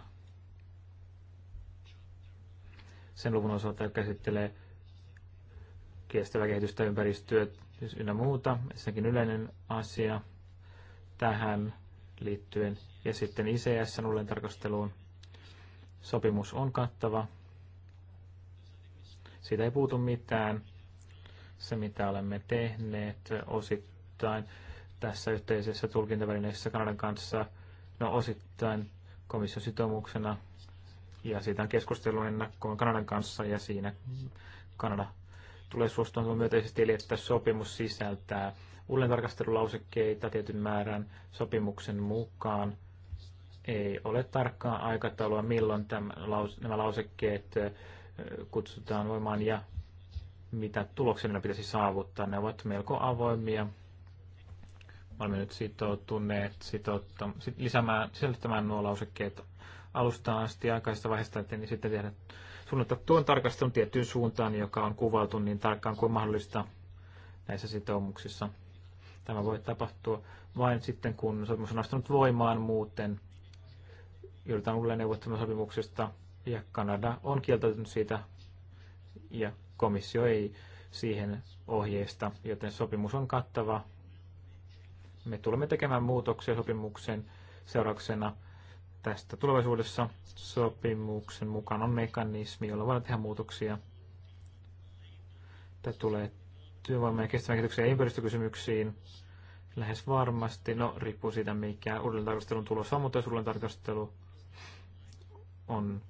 sen luvun osalta, käsittelee kestävää kehitystä, ympäristöä ynnä muuta. Sekin yleinen asia tähän liittyen. Ja sitten ICS-nullen tarkasteluun. Sopimus on kattava siitä ei puutu mitään. Se, mitä olemme tehneet osittain tässä yhteisessä tulkintavälineessä Kanadan kanssa, no osittain komission sitoumuksena, ja siitä on keskustelu ennakkoon Kanadan kanssa, ja siinä Kanada tulee suostumaan myönteisesti, eli että sopimus sisältää uudelleentarkastelulausekkeita tietyn määrän sopimuksen mukaan. Ei ole tarkkaa aikataulua, milloin tämän, nämä lausekkeet kutsutaan voimaan ja mitä tuloksena pitäisi saavuttaa. Ne ovat melko avoimia. olemme nyt sitoutuneet sitoutta, sit lisäämään, sisällyttämään nuo lausekkeet alusta asti aikaisesta vaiheesta, että niin sitten tehdä suunnata tuon tarkastelun tiettyyn suuntaan, joka on kuvattu niin tarkkaan kuin mahdollista näissä sitoumuksissa. Tämä voi tapahtua vain sitten, kun sopimus on astunut voimaan muuten. Joudutaan uudelleen neuvottelemaan sopimuksesta ja Kanada on kieltäytynyt siitä ja komissio ei siihen ohjeista, joten sopimus on kattava. Me tulemme tekemään muutoksia sopimuksen seurauksena tästä tulevaisuudessa. Sopimuksen mukaan on mekanismi, jolla voidaan tehdä muutoksia. Tämä tulee työvoiman ja kestävän kehityksen ja ympäristökysymyksiin lähes varmasti. No, riippuu siitä, mikä uudelleen tarkastelun tulos on, mutta jos uudelleen tarkastelu on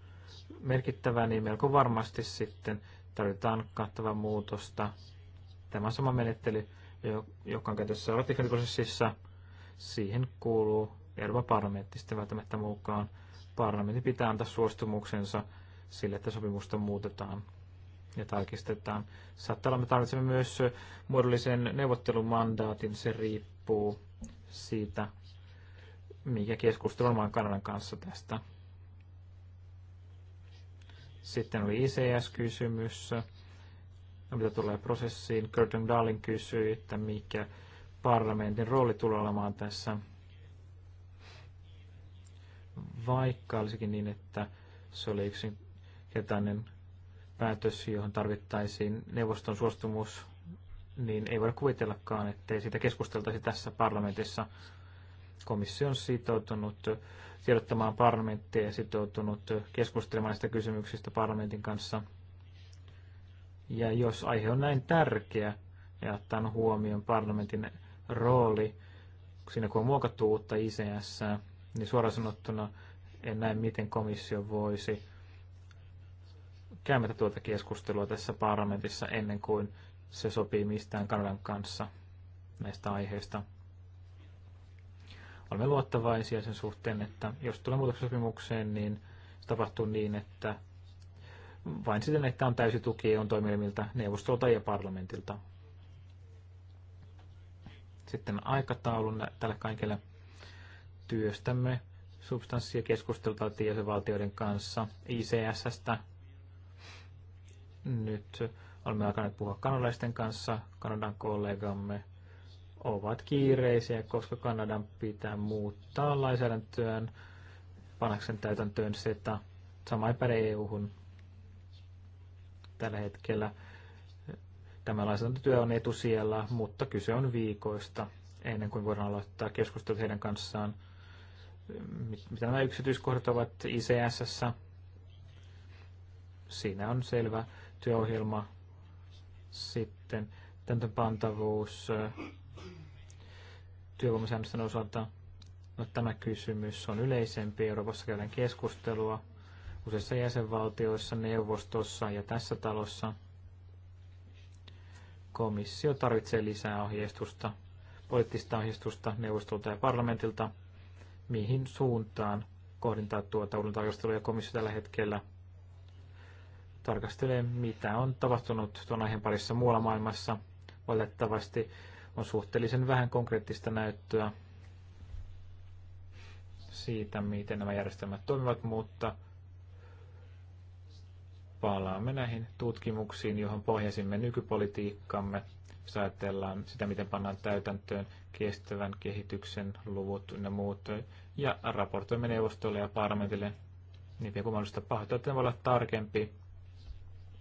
merkittävä, niin melko varmasti sitten tarvitaan kattavaa muutosta. Tämä sama menettely, joka on käytössä ratifiointiprosessissa. Siihen kuuluu Euroopan parlamentti sitten välttämättä mukaan. Parlamentti pitää antaa suostumuksensa sille, että sopimusta muutetaan ja tarkistetaan. Saattaa olla, me tarvitsemme myös muodollisen neuvottelumandaatin, se riippuu siitä, mikä keskustelu on Kanadan kanssa tästä. Sitten oli ICS-kysymys, no, mitä tulee prosessiin. Curtin Darling kysyi, että mikä parlamentin rooli tulee olemaan tässä. Vaikka olisikin niin, että se oli yksinkertainen päätös, johon tarvittaisiin neuvoston suostumus, niin ei voi kuvitellakaan, ettei siitä keskusteltaisi tässä parlamentissa. Komissio on sitoutunut tiedottamaan parlamenttia ja sitoutunut keskustelemaan näistä kysymyksistä parlamentin kanssa. Ja jos aihe on näin tärkeä ja ottaa huomioon parlamentin rooli siinä, kun on muokattu uutta ICS, niin suoraan sanottuna en näe, miten komissio voisi käymättä tuota keskustelua tässä parlamentissa ennen kuin se sopii mistään Kanadan kanssa näistä aiheista olemme luottavaisia sen suhteen, että jos tulee muutoksia sopimukseen, niin se tapahtuu niin, että vain siten, että on täysi tuki on toimielimiltä neuvostolta ja parlamentilta. Sitten aikataulun tälle kaikille työstämme substanssia keskustelua jäsenvaltioiden kanssa ICSstä. Nyt olemme alkaneet puhua kanalaisten kanssa, Kanadan kollegamme ovat kiireisiä, koska Kanadan pitää muuttaa lainsäädäntöön, panaksen täytäntöön että Sama ei päde EU-hun tällä hetkellä. Tämä lainsäädäntötyö on siellä, mutta kyse on viikoista ennen kuin voidaan aloittaa keskustelut heidän kanssaan. Mitä nämä yksityiskohdat ovat ICSS? Siinä on selvä työohjelma. Sitten tämän pantavuus, työvoimasäännöstä osalta. No, tämä kysymys on yleisempi. Euroopassa käydään keskustelua useissa jäsenvaltioissa, neuvostossa ja tässä talossa. Komissio tarvitsee lisää ohjeistusta, poliittista ohjeistusta neuvostolta ja parlamentilta, mihin suuntaan kohdentaa tuota uuden tarkastelua komissio tällä hetkellä tarkastelee, mitä on tapahtunut tuon aiheen parissa muualla maailmassa. Valitettavasti on suhteellisen vähän konkreettista näyttöä siitä, miten nämä järjestelmät toimivat, mutta palaamme näihin tutkimuksiin, johon pohjasimme nykypolitiikkamme, jos ajatellaan sitä, miten pannaan täytäntöön kestävän kehityksen luvut ja muut, ja raportoimme neuvostolle ja parlamentille niin kuin mahdollista pahoittaa, että voi olla tarkempi,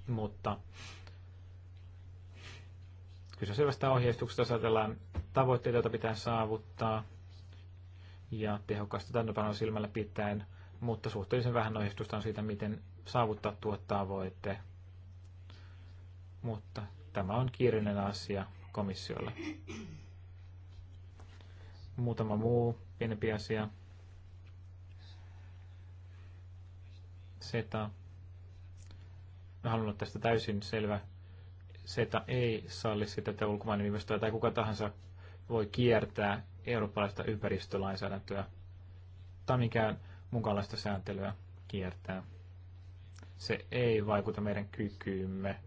mutta Kyse selvästä ohjeistuksesta, jos ajatellaan tavoitteita, joita pitää saavuttaa ja tehokasta täytäntöpanoa silmällä pitäen, mutta suhteellisen vähän ohjeistusta on siitä, miten saavuttaa tuo tavoite. Mutta tämä on kiireinen asia komissiolle. Muutama muu pienempi asia. Seta. Mä haluan olla tästä täysin selvä SETA ei salli sitä, että ulkomainen investoija tai kuka tahansa voi kiertää eurooppalaista ympäristölainsäädäntöä tai mikään mukalaista sääntelyä kiertää. Se ei vaikuta meidän kykyymme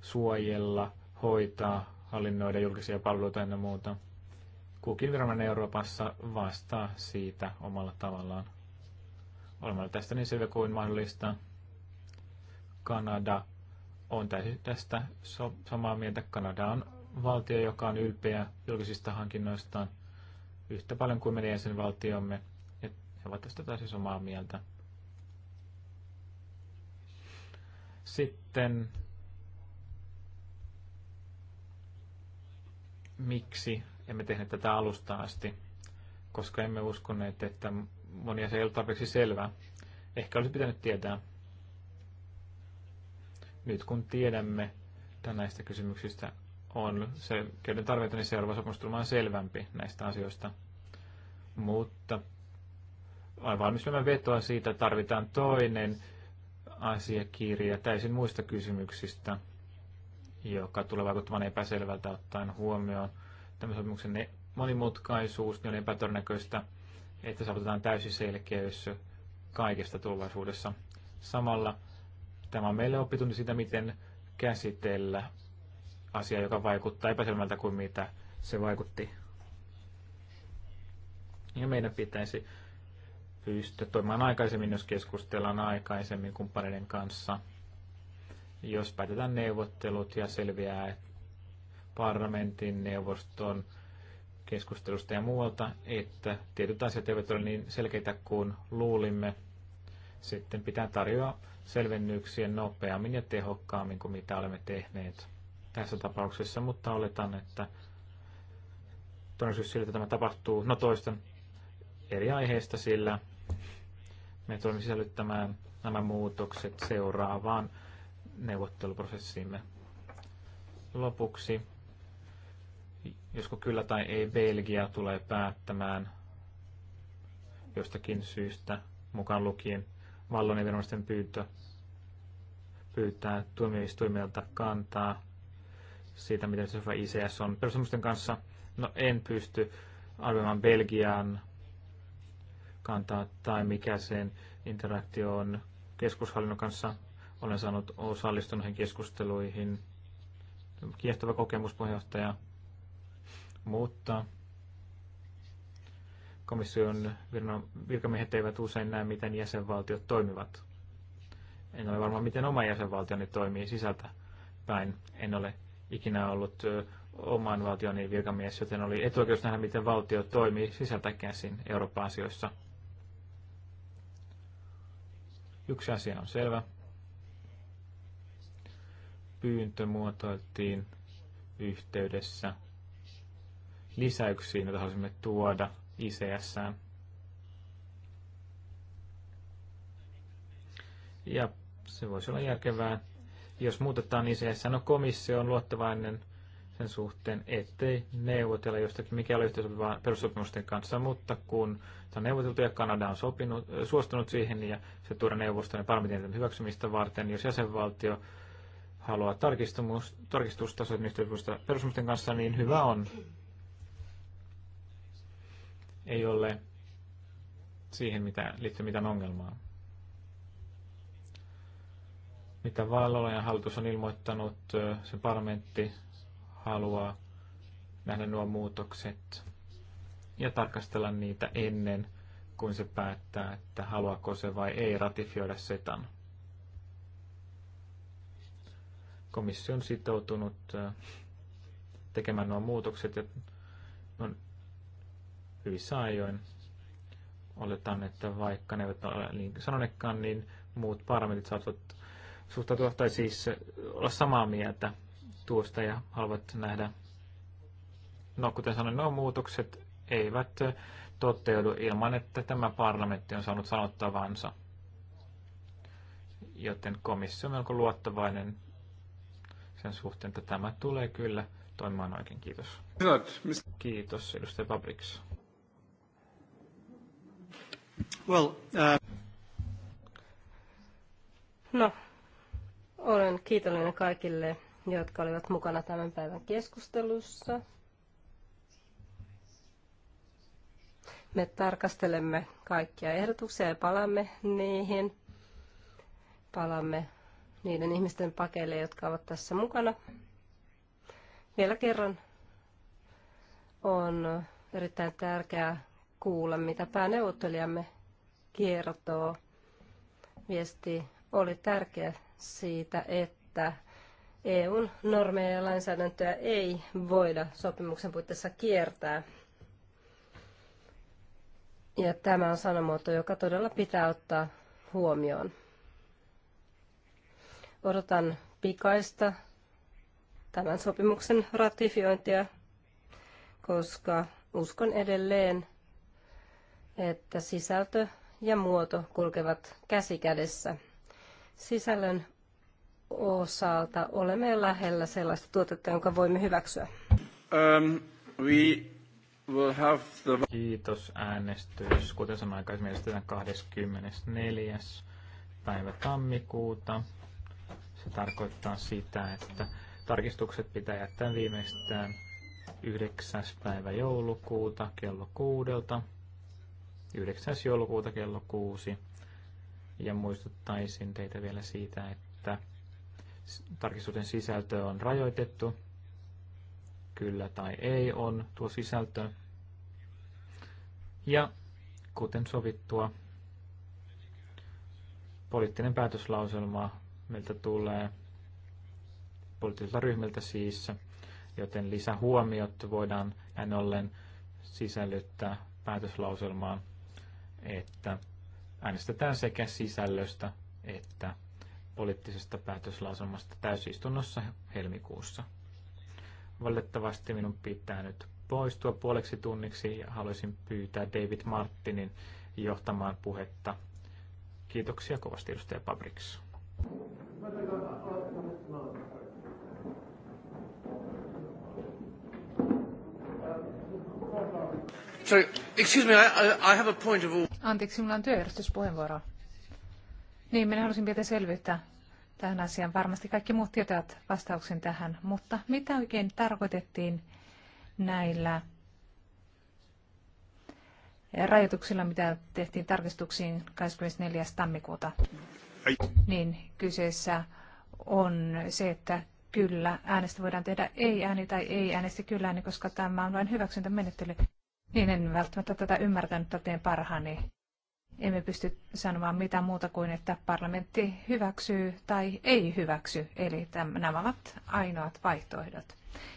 suojella, hoitaa, hallinnoida julkisia palveluita ennen muuta. Kukin viranomainen Euroopassa vastaa siitä omalla tavallaan. Olemalla tästä niin selvä kuin mahdollista. Kanada on täysin tästä samaa mieltä. Kanada on valtio, joka on ylpeä julkisista hankinnoistaan yhtä paljon kuin meidän jäsenvaltiomme. Ja he ovat tästä täysin samaa mieltä. Sitten miksi emme tehneet tätä alusta asti, koska emme uskoneet, että monia se ei ollut tarpeeksi selvää. Ehkä olisi pitänyt tietää nyt kun tiedämme näistä kysymyksistä, on se selkeyden tarvetta, niin seuraava sopimus tulee selvämpi näistä asioista. Mutta olen valmis lyömään vetoa siitä, että tarvitaan toinen asiakirja täysin muista kysymyksistä, joka tulee vaikuttamaan epäselvältä ottaen huomioon tämän sopimuksen monimutkaisuus, niin on epätodennäköistä, että saavutetaan täysi selkeys kaikesta tulevaisuudessa. Samalla Tämä on meille oppitunti siitä, miten käsitellä asia, joka vaikuttaa epäselmältä kuin mitä se vaikutti. Ja meidän pitäisi pystyä toimimaan aikaisemmin, jos keskustellaan aikaisemmin kumppaneiden kanssa. Jos päätetään neuvottelut ja selviää parlamentin, neuvoston keskustelusta ja muualta, että tietyt asiat eivät ole niin selkeitä kuin luulimme, sitten pitää tarjoa selvennyksiä nopeammin ja tehokkaammin kuin mitä olemme tehneet tässä tapauksessa, mutta oletan, että todennäköisyys siltä tämä tapahtuu, no toistan eri aiheista, sillä me tulemme sisällyttämään nämä muutokset seuraavaan neuvotteluprosessiimme. Lopuksi, josko kyllä tai ei, Belgia tulee päättämään jostakin syystä, mukaan lukien vallan viranomaisten pyyntö pyytää tuomioistuimelta kantaa siitä, miten se ICS on perussopimusten kanssa. No en pysty arvioimaan Belgian kantaa tai mikä sen interaktio on keskushallinnon kanssa. Olen saanut osallistua noihin keskusteluihin. Kiehtova kokemus puheenjohtaja. Mutta komission virkamiehet eivät usein näe, miten jäsenvaltiot toimivat. En ole varma, miten oma jäsenvaltioni toimii sisältä päin. En ole ikinä ollut oman valtioni virkamies, joten oli etuoikeus nähdä, miten valtio toimii sisältä käsin Euroopan asioissa. Yksi asia on selvä. Pyyntö muotoiltiin yhteydessä lisäyksiin, joita haluaisimme tuoda – ICS. Ja se voisi olla järkevää, jos muutetaan ICS. No komissio on luottavainen sen suhteen, ettei neuvotella jostakin, mikä oli yhteensopivaa perussopimusten kanssa, mutta kun se on neuvoteltu ja Kanada on sopinut, äh, suostunut siihen ja se tuoda neuvoston ja parlamentin hyväksymistä varten, jos jäsenvaltio haluaa tarkistusta sopimista perussopimusten kanssa, niin hyvä on ei ole siihen mitä, liittyy mitään ongelmaa. Mitä Vallolan hallitus on ilmoittanut, se parlamentti haluaa nähdä nuo muutokset ja tarkastella niitä ennen kuin se päättää, että haluaako se vai ei ratifioida setan. Komissio on sitoutunut tekemään nuo muutokset ja hyvissä ajoin. Oletan, että vaikka ne eivät ole niin sanonekaan, niin muut parametit saattavat suhtautua tai siis olla samaa mieltä tuosta ja haluavat nähdä. No, kuten sanoin, nuo muutokset eivät toteudu ilman, että tämä parlamentti on saanut sanottavansa. Joten komissio on melko luottavainen sen suhteen, että tämä tulee kyllä toimimaan oikein. Kiitos. Kiitos, edustaja Pabriks. Well, uh... No, olen kiitollinen kaikille, jotka olivat mukana tämän päivän keskustelussa. Me tarkastelemme kaikkia ehdotuksia ja palaamme niihin. Palaamme niiden ihmisten pakeille, jotka ovat tässä mukana. Vielä kerran on erittäin tärkeää kuulla, mitä pääneuvottelijamme kertoo. Viesti oli tärkeä siitä, että EUn normeja ja lainsäädäntöä ei voida sopimuksen puitteissa kiertää. Ja tämä on sanamuoto, joka todella pitää ottaa huomioon. Odotan pikaista tämän sopimuksen ratifiointia, koska uskon edelleen, että sisältö ja muoto kulkevat käsi kädessä. Sisällön osalta olemme lähellä sellaista tuotetta, jonka voimme hyväksyä. Um, we will have the... Kiitos äänestys. Kuten sanoin aikaisemmin, 24. päivä tammikuuta. Se tarkoittaa sitä, että tarkistukset pitää jättää viimeistään 9. päivä joulukuuta kello kuudelta 9. joulukuuta kello 6. Ja muistuttaisin teitä vielä siitä, että tarkistuksen sisältö on rajoitettu. Kyllä tai ei on tuo sisältö. Ja kuten sovittua, poliittinen päätöslauselma meiltä tulee poliittisilta ryhmiltä siis, joten lisähuomiot voidaan näin ollen sisällyttää päätöslauselmaan että äänestetään sekä sisällöstä että poliittisesta päätöslausumasta täysistunnossa helmikuussa. Valitettavasti minun pitää nyt poistua puoleksi tunniksi ja haluaisin pyytää David Martinin johtamaan puhetta. Kiitoksia kovasti edustaja Pabriks. Sorry, excuse me, I, I have a point of... Anteeksi, minulla on työjärjestyspuheenvuoro. Niin, minä halusin vielä selvittää tähän asiaan. Varmasti kaikki muut tietävät vastauksen tähän, mutta mitä oikein tarkoitettiin näillä rajoituksilla, mitä tehtiin tarkistuksiin 24. tammikuuta? Ai. Niin, kyseessä on se, että kyllä äänestä voidaan tehdä ei-ääni tai ei-äänestä kyllä ääni, koska tämä on vain hyväksyntämenettely. Niin en välttämättä tätä ymmärtänyt, että teen parhaani. Emme pysty sanomaan mitään muuta kuin, että parlamentti hyväksyy tai ei hyväksy. Eli täm, nämä ovat ainoat vaihtoehdot.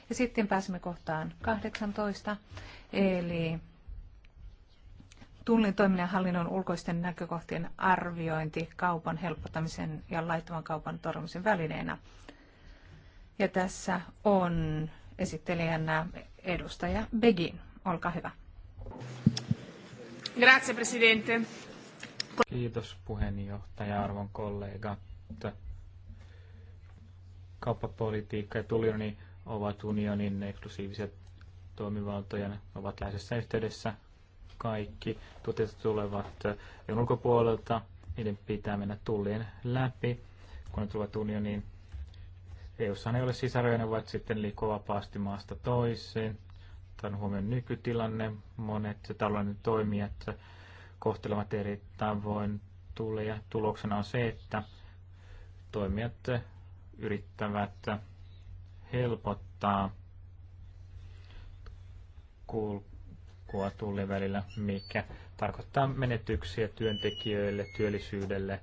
Ja sitten pääsemme kohtaan 18, eli tullin toiminnan hallinnon ulkoisten näkökohtien arviointi kaupan helpottamisen ja laittoman kaupan torjumisen välineenä. Ja tässä on esittelijänä edustaja Begin. Olkaa hyvä. Grazie, presidente. Kiitos puheenjohtaja, arvon kollegat. Kauppapolitiikka ja tulioni ovat unionin eksklusiivisia toimivaltoja, ne ovat läheisessä yhteydessä kaikki tuotteet tulevat jo ulkopuolelta, niiden pitää mennä tullien läpi, kun ne tulevat unioniin. EUssa ei ole sisärajoja, ne voivat sitten liikkua vapaasti maasta toiseen ottaen huomioon nykytilanne. Monet talouden toimijat kohtelevat eri tavoin tulee. Tuloksena on se, että toimijat yrittävät helpottaa kulkua tullin välillä, mikä tarkoittaa menetyksiä työntekijöille, työllisyydelle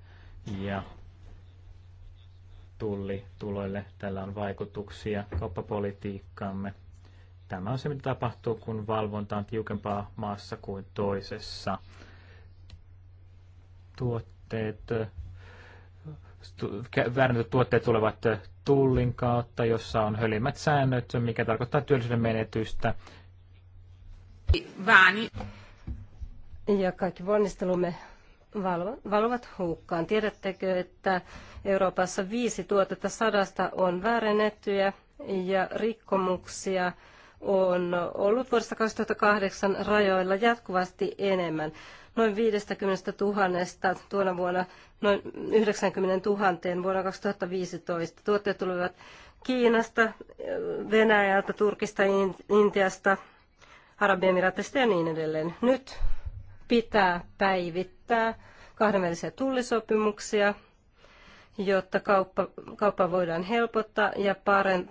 ja tuloille Tällä on vaikutuksia kauppapolitiikkaamme. Tämä on se, mitä tapahtuu, kun valvonta on tiukempaa maassa kuin toisessa. Tuotteet, väärennetyt tuotteet tulevat tullin kautta, jossa on hölimmät säännöt, mikä tarkoittaa työllisyyden menetystä. Vääni. Ja kaikki ponnistelumme valuvat hukkaan. Tiedättekö, että Euroopassa viisi tuotetta sadasta on väärennettyjä ja rikkomuksia on ollut vuodesta 2008 rajoilla jatkuvasti enemmän. Noin 50 000 tuona vuonna noin 90 000 vuonna 2015. Tuotteet tulivat Kiinasta, Venäjältä, Turkista, Intiasta, Arabiemiraateista ja niin edelleen. Nyt pitää päivittää kahdenvälisiä tullisopimuksia, jotta kauppa, kauppa voidaan helpottaa ja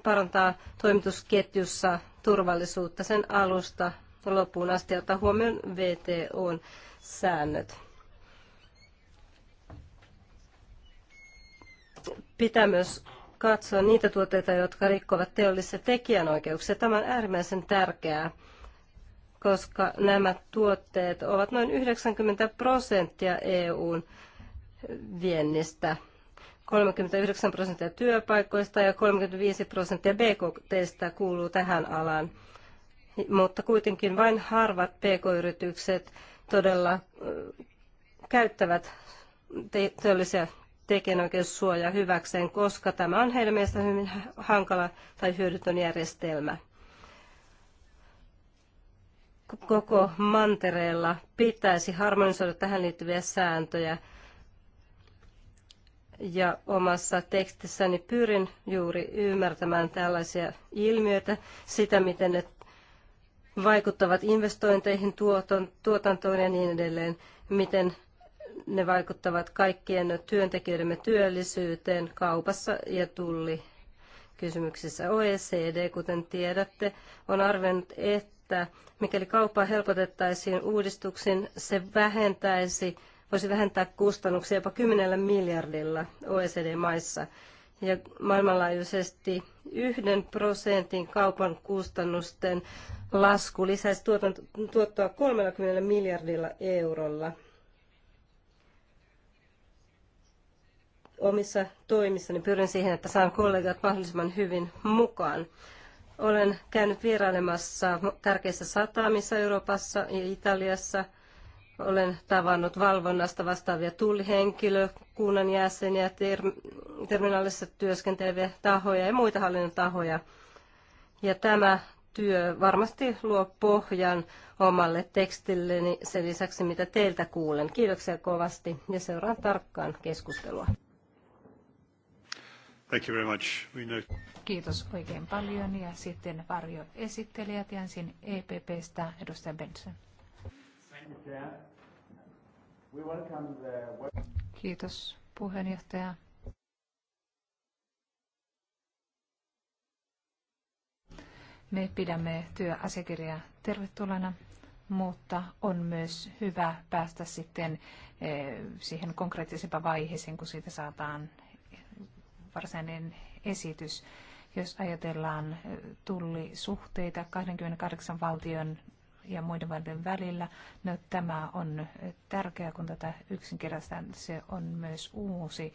parantaa toimitusketjussa turvallisuutta sen alusta loppuun asti ja ottaa huomioon VTOn säännöt. Pitää myös katsoa niitä tuotteita, jotka rikkovat teollisia tekijänoikeuksia. Tämä on äärimmäisen tärkeää, koska nämä tuotteet ovat noin 90 prosenttia EUn viennistä. 39 prosenttia työpaikoista ja 35 prosenttia BKTstä kuuluu tähän alaan. Mutta kuitenkin vain harvat PK-yritykset todella käyttävät teollisia tekijänoikeussuojaa hyväkseen, koska tämä on heidän mielestään hyvin hankala tai hyödytön järjestelmä. Koko mantereella pitäisi harmonisoida tähän liittyviä sääntöjä – ja omassa tekstissäni pyrin juuri ymmärtämään tällaisia ilmiöitä, sitä miten ne vaikuttavat investointeihin, tuotantoon ja niin edelleen, miten ne vaikuttavat kaikkien työntekijöidemme työllisyyteen kaupassa ja tulli kysymyksissä. OECD, kuten tiedätte, on arvennut, että mikäli kauppaa helpotettaisiin uudistuksiin, se vähentäisi voisi vähentää kustannuksia jopa 10 miljardilla OECD-maissa. Ja maailmanlaajuisesti yhden prosentin kaupan kustannusten lasku lisäisi tuottoa 30 miljardilla eurolla. Omissa toimissani pyrin siihen, että saan kollegat mahdollisimman hyvin mukaan. Olen käynyt vierailemassa tärkeissä satamissa Euroopassa ja Italiassa – olen tavannut valvonnasta vastaavia tullihenkilökunnan jäseniä, ter- terminaalissa työskenteleviä tahoja ja muita hallinnon tahoja. Ja tämä työ varmasti luo pohjan omalle tekstilleni sen lisäksi, mitä teiltä kuulen. Kiitoksia kovasti ja seuraan tarkkaan keskustelua. Thank you very much. We know... Kiitos oikein paljon ja sitten varjoesittelijät ensin EPPstä edustaja Benson. Kiitos puheenjohtaja. Me pidämme työasiakirjaa tervetulleena, mutta on myös hyvä päästä sitten eh, siihen konkreettisempaan vaiheeseen, kun siitä saataan varsinainen esitys. Jos ajatellaan eh, tullisuhteita 28 valtion ja muiden maiden välillä. No, tämä on tärkeää, kun tätä yksinkertaistaan se on myös uusi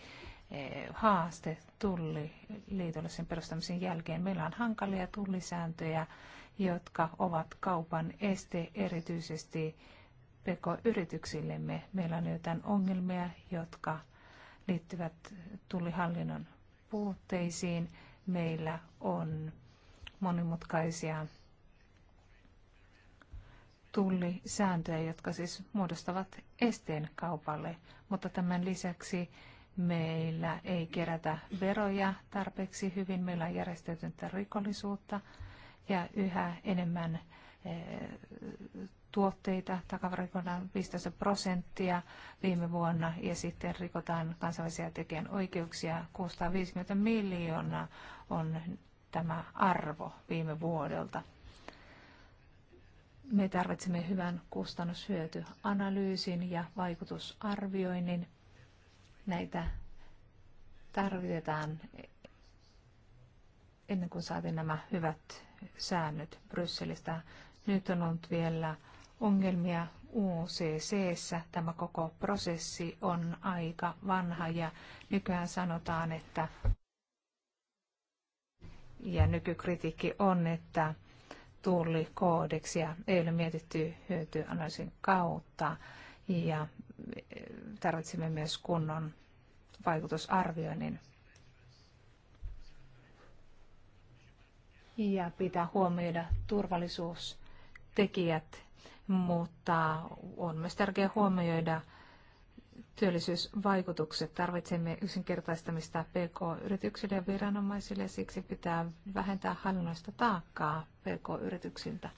eh, haaste tulli liitollisen perustamisen jälkeen. Meillä on hankalia tullisääntöjä, jotka ovat kaupan este erityisesti pk-yrityksillemme. Meillä on jotain ongelmia, jotka liittyvät tullihallinnon puutteisiin. Meillä on monimutkaisia tullisääntöjä, jotka siis muodostavat esteen kaupalle, mutta tämän lisäksi meillä ei kerätä veroja tarpeeksi hyvin, meillä on järjestäytyntä rikollisuutta ja yhä enemmän eh, tuotteita, takavarikoidaan 15 prosenttia viime vuonna ja sitten rikotaan kansainvälisiä tekijänoikeuksia. 650 miljoonaa on tämä arvo viime vuodelta. Me tarvitsemme hyvän kustannushyötyanalyysin ja vaikutusarvioinnin. Näitä tarvitaan ennen kuin saatiin nämä hyvät säännöt Brysselistä. Nyt on ollut vielä ongelmia UCCssä. Tämä koko prosessi on aika vanha ja nykyään sanotaan, että ja nykykritiikki on, että tullikoodeksia ei ole mietitty hyötyanalyysin kautta ja eh, tarvitsemme myös kunnon vaikutusarvioinnin. Ja pitää huomioida turvallisuustekijät, mutta on myös tärkeää huomioida työllisyysvaikutukset. Tarvitsemme yksinkertaistamista PK-yrityksille ja viranomaisille, ja siksi pitää vähentää hallinnoista taakkaa PK-yrityksiltä.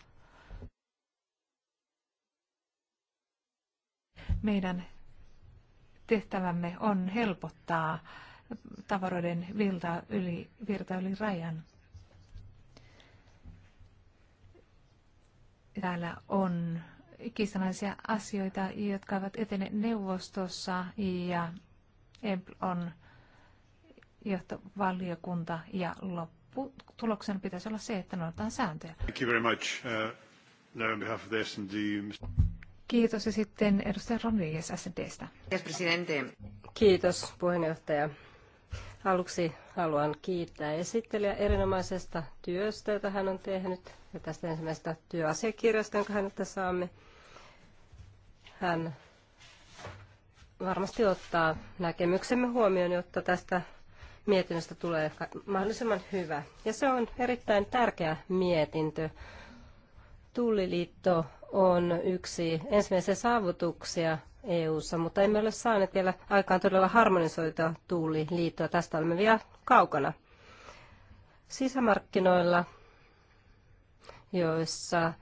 Meidän tehtävämme on helpottaa tavaroiden virta yli, virta yli rajan. Täällä on kiistanaisia asioita, jotka ovat etene neuvostossa ja on johtovaliokunta ja lopputuloksen pitäisi olla se, että noudataan sääntöjä. Thank you very much. Uh, now on behalf of the S&D, Kiitos ja sitten edustaja Rodriguez SDstä. Kiitos puheenjohtaja. Aluksi haluan kiittää esittelijä erinomaisesta työstä, jota hän on tehnyt ja tästä ensimmäisestä työasiakirjasta, jonka tässä saamme. Hän varmasti ottaa näkemyksemme huomioon, jotta tästä mietinnöstä tulee mahdollisimman hyvä. Ja se on erittäin tärkeä mietintö. Tulliliitto on yksi ensimmäisiä saavutuksia EU:ssa, mutta emme ole saaneet vielä aikaan todella harmonisoitua tulliliittoa. Tästä olemme vielä kaukana. Sisämarkkinoilla, joissa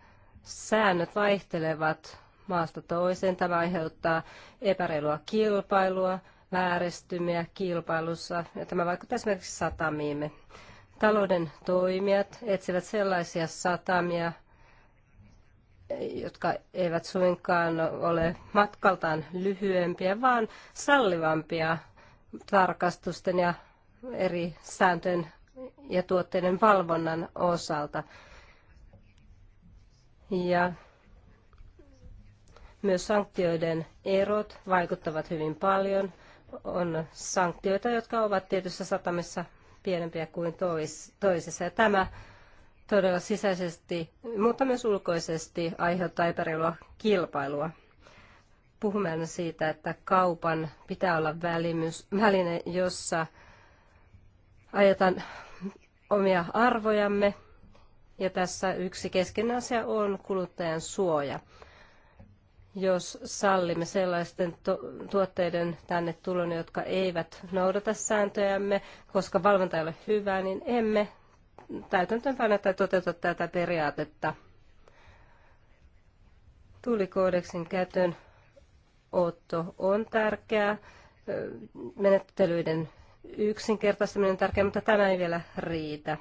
säännöt vaihtelevat maasta toiseen. Tämä aiheuttaa epäreilua kilpailua, vääristymiä kilpailussa ja tämä vaikuttaa esimerkiksi satamiimme. Talouden toimijat etsivät sellaisia satamia, jotka eivät suinkaan ole matkaltaan lyhyempiä, vaan sallivampia tarkastusten ja eri sääntöjen ja tuotteiden valvonnan osalta. Ja myös sanktioiden erot vaikuttavat hyvin paljon. On sanktioita, jotka ovat tietyissä satamissa pienempiä kuin tois, Ja tämä todella sisäisesti, mutta myös ulkoisesti aiheuttaa epäreilua kilpailua. Puhumme aina siitä, että kaupan pitää olla välimys, väline, jossa ajetaan omia arvojamme. Ja tässä yksi keskeinen asia on kuluttajan suoja jos sallimme sellaisten tuotteiden tänne tulon, jotka eivät noudata sääntöjämme, koska valvonta ei ole hyvää, niin emme täytäntöönpana tai toteuta tätä periaatetta. Tulikoodeksin käytön otto on tärkeää, menettelyiden yksinkertaistaminen on tärkeää, mutta tämä ei vielä riitä.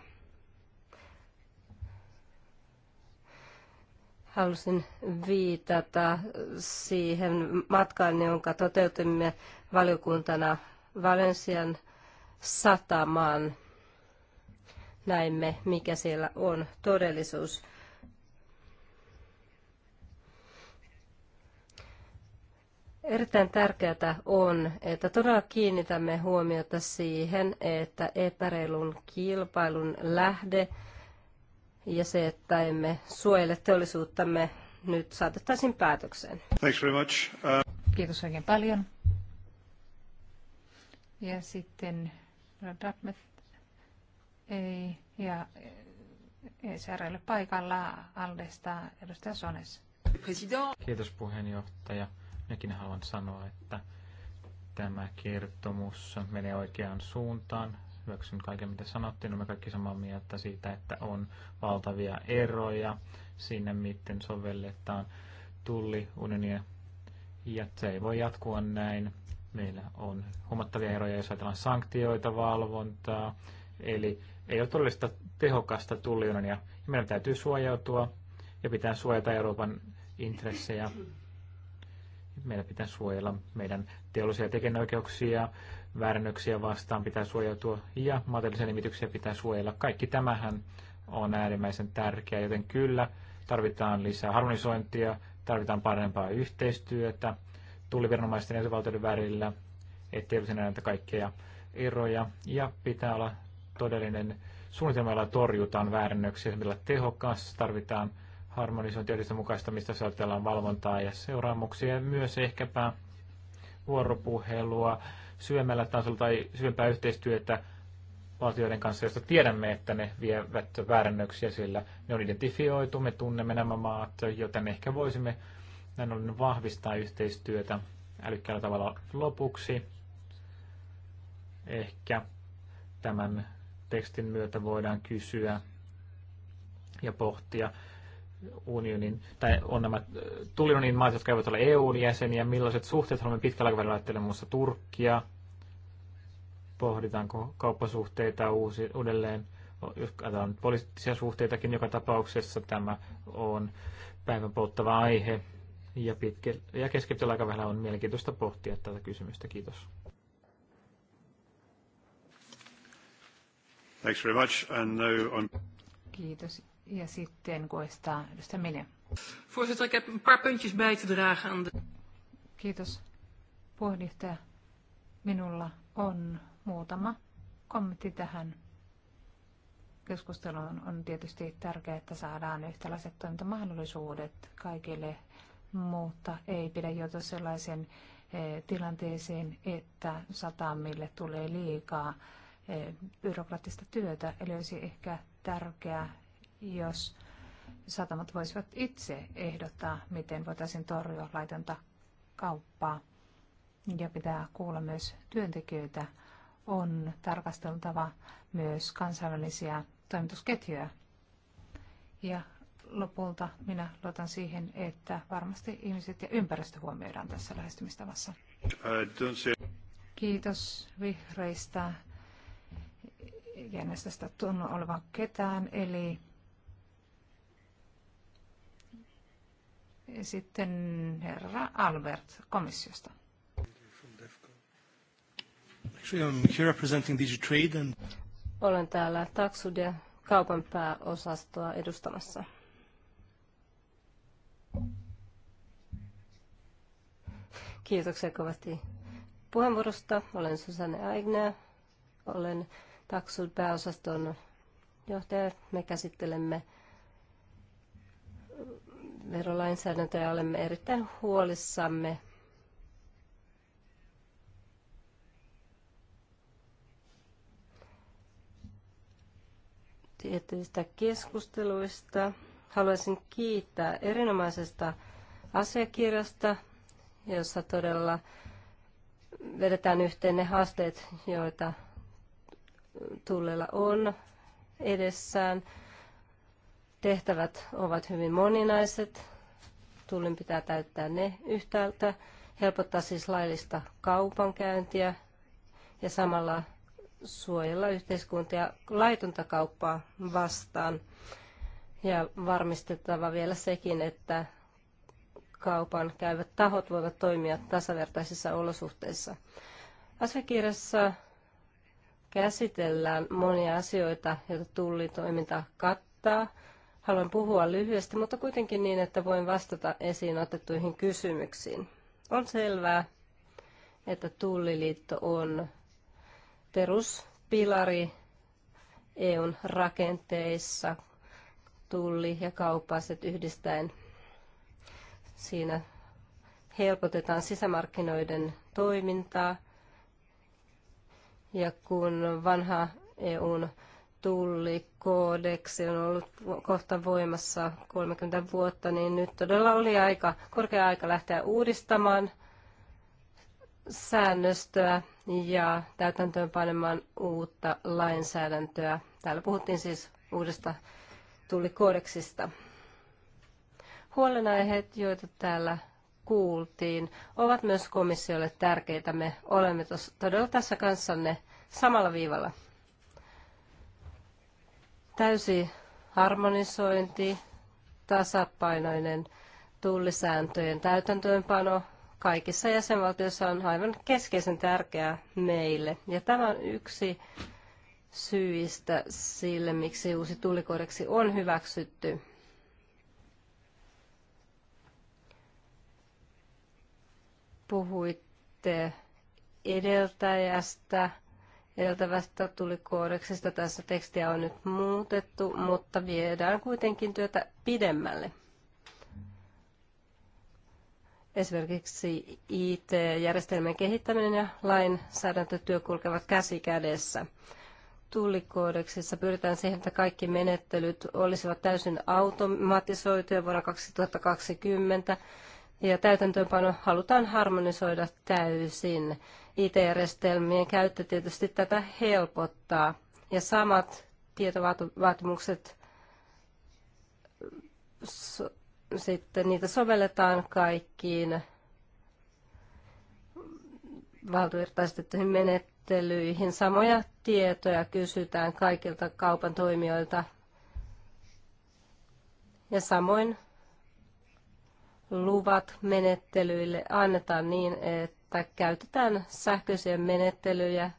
halusin viitata siihen matkaan, jonka toteutimme valiokuntana Valensian satamaan. Näimme, mikä siellä on todellisuus. Erittäin tärkeää on, että todella kiinnitämme huomiota siihen, että epäreilun kilpailun lähde – ja se, että emme suojele teollisuuttamme nyt saatettaisiin päätökseen. Thanks very much. Uh... Kiitos oikein paljon. Ja sitten Dartmouth ei, ja ECRL eh, paikalla Aldesta edustaja Sones. Kiitos puheenjohtaja. Minäkin haluan sanoa, että tämä kertomus menee oikeaan suuntaan hyväksynyt kaiken, mitä sanottiin. Olemme kaikki samaa mieltä siitä, että on valtavia eroja siinä, miten sovelletaan tulliunionia. Ja se ei voi jatkua näin. Meillä on huomattavia eroja, jos ajatellaan sanktioita, valvontaa. Eli ei ole todellista tehokasta tulliunionia. Meidän täytyy suojautua ja pitää suojata Euroopan intressejä meidän pitää suojella meidän teollisia tekijänoikeuksia, väärännöksiä vastaan pitää suojautua ja materiaalisia nimityksiä pitää suojella. Kaikki tämähän on äärimmäisen tärkeää, joten kyllä tarvitaan lisää harmonisointia, tarvitaan parempaa yhteistyötä tulliviranomaisten ja valtioiden välillä, ettei olisi näitä kaikkea eroja ja pitää olla todellinen suunnitelma, jolla torjutaan väärännöksiä, millä tehokkaasti tarvitaan harmonisointi ja mukaistamista, soitellaan valvontaa ja seuraamuksia ja myös ehkäpä vuoropuhelua syvemmällä tasolla tai syvempää yhteistyötä valtioiden kanssa, joista tiedämme, että ne vievät väärännöksiä, sillä ne on identifioitu, me tunnemme nämä maat, joten ehkä voisimme näin ollen vahvistaa yhteistyötä älykkäällä tavalla lopuksi. Ehkä tämän tekstin myötä voidaan kysyä ja pohtia, unionin, tai on nämä äh, tulinonin maat, jotka eivät ole EUn jäseniä, millaiset suhteet haluamme pitkällä aikavälillä ajattelemaan muassa Turkkia, pohditaanko kauppasuhteita uusi, uudelleen, jos katsotaan poliittisia suhteitakin joka tapauksessa, tämä on päivän polttava aihe, ja, pitkä, ja keskipitkällä aikavälillä on mielenkiintoista pohtia tätä kysymystä. Kiitos. Thanks very much. And now on... Kiitos. Ja sitten koista edustaja Milje. Voorzitter, ik heb een paar puntjes bij te dragen aan de... Kiitos puheenjohtaja. Minulla on muutama kommentti tähän keskusteluun. On tietysti tärkeää, että saadaan yhtäläiset toimintamahdollisuudet kaikille, mutta ei pidä joutua sellaisen eh, tilanteeseen, että satamille tulee liikaa eh, byrokraattista työtä. Eli olisi ehkä tärkeää, jos satamat voisivat itse ehdottaa, miten voitaisiin torjua laitonta kauppaa. Ja pitää kuulla myös työntekijöitä. On tarkasteltava myös kansainvälisiä toimitusketjuja. Ja lopulta minä luotan siihen, että varmasti ihmiset ja ympäristö huomioidaan tässä lähestymistavassa. Kiitos vihreistä. Ja näistä sitä tunnu olevan ketään, eli Sitten herra Albert komissiosta. Olen täällä Taksud ja kaupan pääosastoa edustamassa. Kiitoksia kovasti puheenvuorosta. Olen Susanne Aigner. Olen Taksud pääosaston johtaja. Me käsittelemme verolainsäädäntöä ja olemme erittäin huolissamme tietyistä keskusteluista. Haluaisin kiittää erinomaisesta asiakirjasta, jossa todella vedetään yhteen ne haasteet, joita tullella on edessään. Tehtävät ovat hyvin moninaiset. Tullin pitää täyttää ne yhtäältä, helpottaa siis laillista kaupankäyntiä ja samalla suojella yhteiskuntia laitonta kauppaa vastaan. Ja varmistettava vielä sekin, että kaupan käyvät tahot voivat toimia tasavertaisissa olosuhteissa. Asiakirjassa käsitellään monia asioita, joita tullitoiminta kattaa, Haluan puhua lyhyesti, mutta kuitenkin niin, että voin vastata esiin otettuihin kysymyksiin. On selvää, että Tulliliitto on peruspilari EUn rakenteissa, tulli- ja kauppaset yhdistäen. Siinä helpotetaan sisämarkkinoiden toimintaa. Ja kun vanha EUn tullikoodeksi on ollut kohta voimassa 30 vuotta, niin nyt todella oli aika, korkea aika lähteä uudistamaan säännöstöä ja täytäntöön panemaan uutta lainsäädäntöä. Täällä puhuttiin siis uudesta tullikoodeksista. Huolenaiheet, joita täällä kuultiin, ovat myös komissiolle tärkeitä. Me olemme todella tässä kanssanne samalla viivalla. Täysi harmonisointi, tasapainoinen tullisääntöjen täytäntöönpano kaikissa jäsenvaltioissa on aivan keskeisen tärkeää meille. Ja tämä on yksi syistä sille, miksi uusi tullikodeksi on hyväksytty. Puhuitte edeltäjästä edeltävästä tulikoodeksesta. Tässä tekstiä on nyt muutettu, mutta viedään kuitenkin työtä pidemmälle. Esimerkiksi IT-järjestelmän kehittäminen ja lainsäädäntötyö kulkevat käsi kädessä. Tullikoodeksissa pyritään siihen, että kaikki menettelyt olisivat täysin automatisoituja vuonna 2020 ja täytäntöönpano halutaan harmonisoida täysin IT-järjestelmien käyttö tietysti tätä helpottaa. Ja samat tietovaatimukset so, sitten niitä sovelletaan kaikkiin valtuvirtaistettuihin menettelyihin. Samoja tietoja kysytään kaikilta kaupan toimijoilta. Ja samoin luvat menettelyille annetaan niin, että tai käytetään sähköisiä menettelyjä,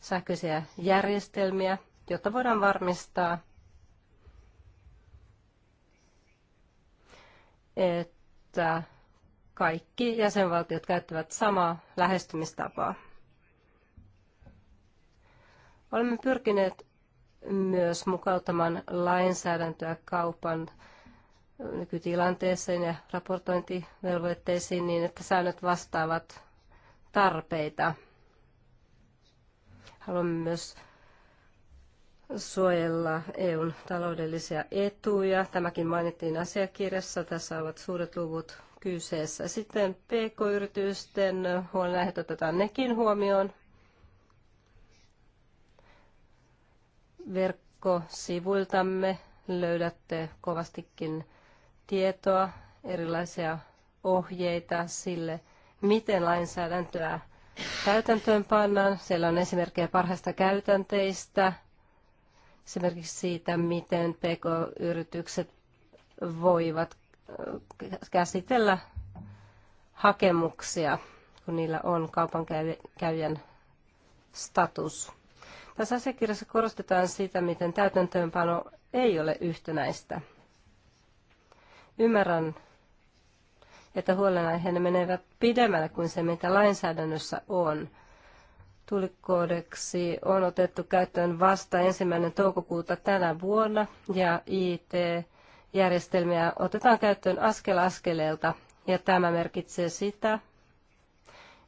sähköisiä järjestelmiä, jotta voidaan varmistaa, että kaikki jäsenvaltiot käyttävät samaa lähestymistapaa. Olemme pyrkineet myös mukauttamaan lainsäädäntöä kaupan nykytilanteeseen ja raportointivelvoitteisiin niin, että säännöt vastaavat tarpeita. Haluamme myös suojella EUn taloudellisia etuja. Tämäkin mainittiin asiakirjassa. Tässä ovat suuret luvut kyseessä. Sitten PK-yritysten huolenaiheet otetaan nekin huomioon. Verkkosivuiltamme löydätte kovastikin tietoa, erilaisia ohjeita sille, miten lainsäädäntöä täytäntöön pannaan. Siellä on esimerkkejä parhaista käytänteistä, esimerkiksi siitä, miten PK-yritykset voivat äh, käsitellä hakemuksia, kun niillä on kaupankäyjän status. Tässä asiakirjassa korostetaan sitä, miten täytäntöönpano ei ole yhtenäistä. Ymmärrän että huolenaiheena menevät pidemmälle kuin se, mitä lainsäädännössä on. Tulikoodeksi on otettu käyttöön vasta ensimmäinen toukokuuta tänä vuonna ja IT-järjestelmiä otetaan käyttöön askel askeleelta ja tämä merkitsee sitä,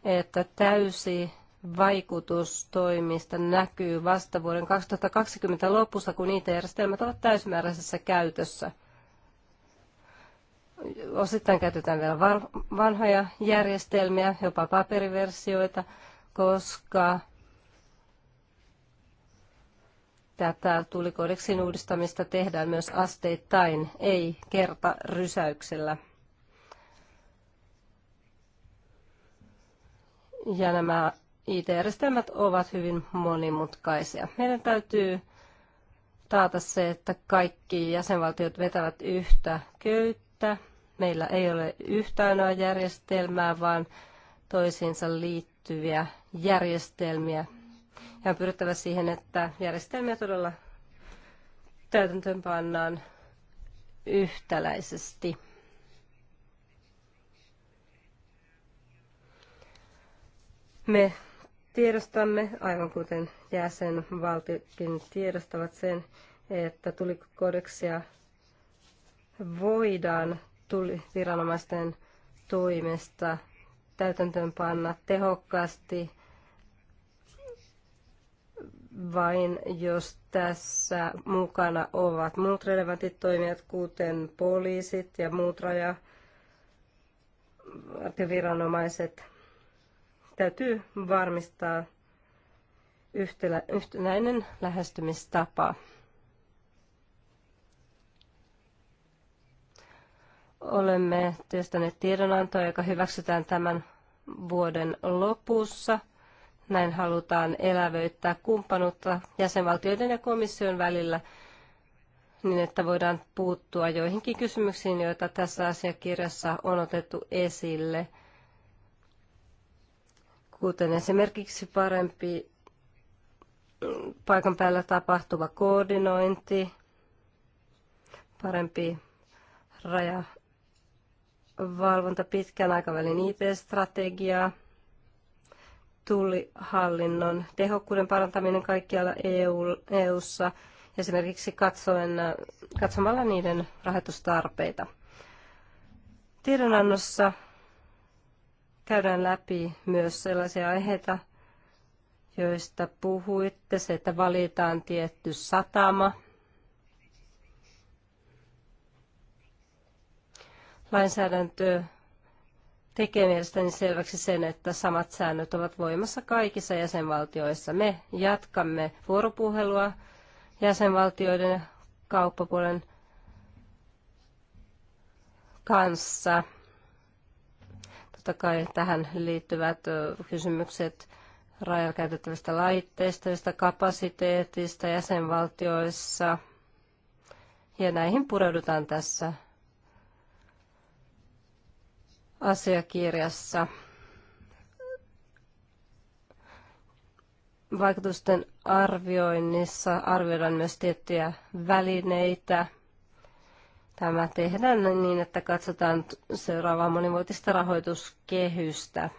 että täysi vaikutustoimista näkyy vasta vuoden 2020 lopussa, kun IT-järjestelmät ovat täysimääräisessä käytössä. Osittain käytetään vielä vanhoja järjestelmiä, jopa paperiversioita, koska tätä tulikodeksin uudistamista tehdään myös asteittain, ei kerta rysäyksellä. Ja nämä IT-järjestelmät ovat hyvin monimutkaisia. Meidän täytyy taata se, että kaikki jäsenvaltiot vetävät yhtä köyttä Meillä ei ole yhtä ainoa järjestelmää, vaan toisiinsa liittyviä järjestelmiä. Ja on pyrittävä siihen, että järjestelmiä todella täytäntöön pannaan yhtäläisesti. Me tiedostamme, aivan kuten jäsenvaltiotkin tiedostavat sen, että tulikodeksia voidaan tuli viranomaisten toimesta täytäntöönpanna tehokkaasti vain jos tässä mukana ovat muut relevantit toimijat, kuten poliisit ja muut rajaviranomaiset. Täytyy varmistaa yhtenäinen lähestymistapa. Olemme työstäneet tiedonantoa, joka hyväksytään tämän vuoden lopussa. Näin halutaan elävöittää kumppanuutta jäsenvaltioiden ja komission välillä niin, että voidaan puuttua joihinkin kysymyksiin, joita tässä asiakirjassa on otettu esille, kuten esimerkiksi parempi paikan päällä tapahtuva koordinointi, parempi raja valvonta, pitkän aikavälin IP-strategia, tullihallinnon tehokkuuden parantaminen kaikkialla EU, EU-ssa, esimerkiksi katsoen, katsomalla niiden rahoitustarpeita. Tiedonannossa käydään läpi myös sellaisia aiheita, joista puhuitte, se, että valitaan tietty satama – lainsäädäntö tekee mielestäni selväksi sen, että samat säännöt ovat voimassa kaikissa jäsenvaltioissa. Me jatkamme vuoropuhelua jäsenvaltioiden ja kauppapuolen kanssa. Totta kai tähän liittyvät kysymykset rajalla käytettävistä laitteista, kapasiteetista jäsenvaltioissa. Ja näihin pureudutaan tässä asiakirjassa. Vaikutusten arvioinnissa arvioidaan myös tiettyjä välineitä. Tämä tehdään niin, että katsotaan seuraavaa monivuotista rahoituskehystä.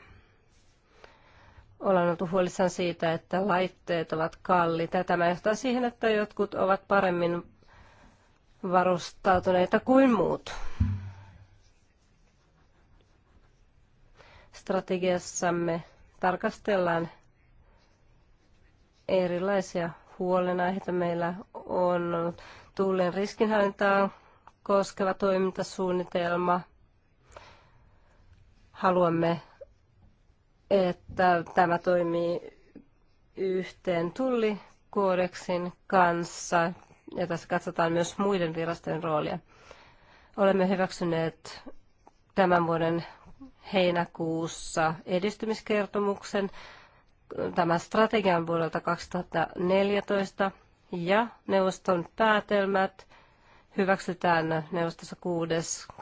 Ollaan oltu huolissaan siitä, että laitteet ovat kalliita. Tämä johtaa siihen, että jotkut ovat paremmin varustautuneita kuin muut. strategiassamme tarkastellaan erilaisia huolenaiheita. Meillä on tuulen riskinhallintaa koskeva toimintasuunnitelma. Haluamme, että tämä toimii yhteen tullikoodeksin kanssa ja tässä katsotaan myös muiden virastojen roolia. Olemme hyväksyneet tämän vuoden heinäkuussa edistymiskertomuksen tämän strategian vuodelta 2014 ja neuvoston päätelmät hyväksytään neuvostossa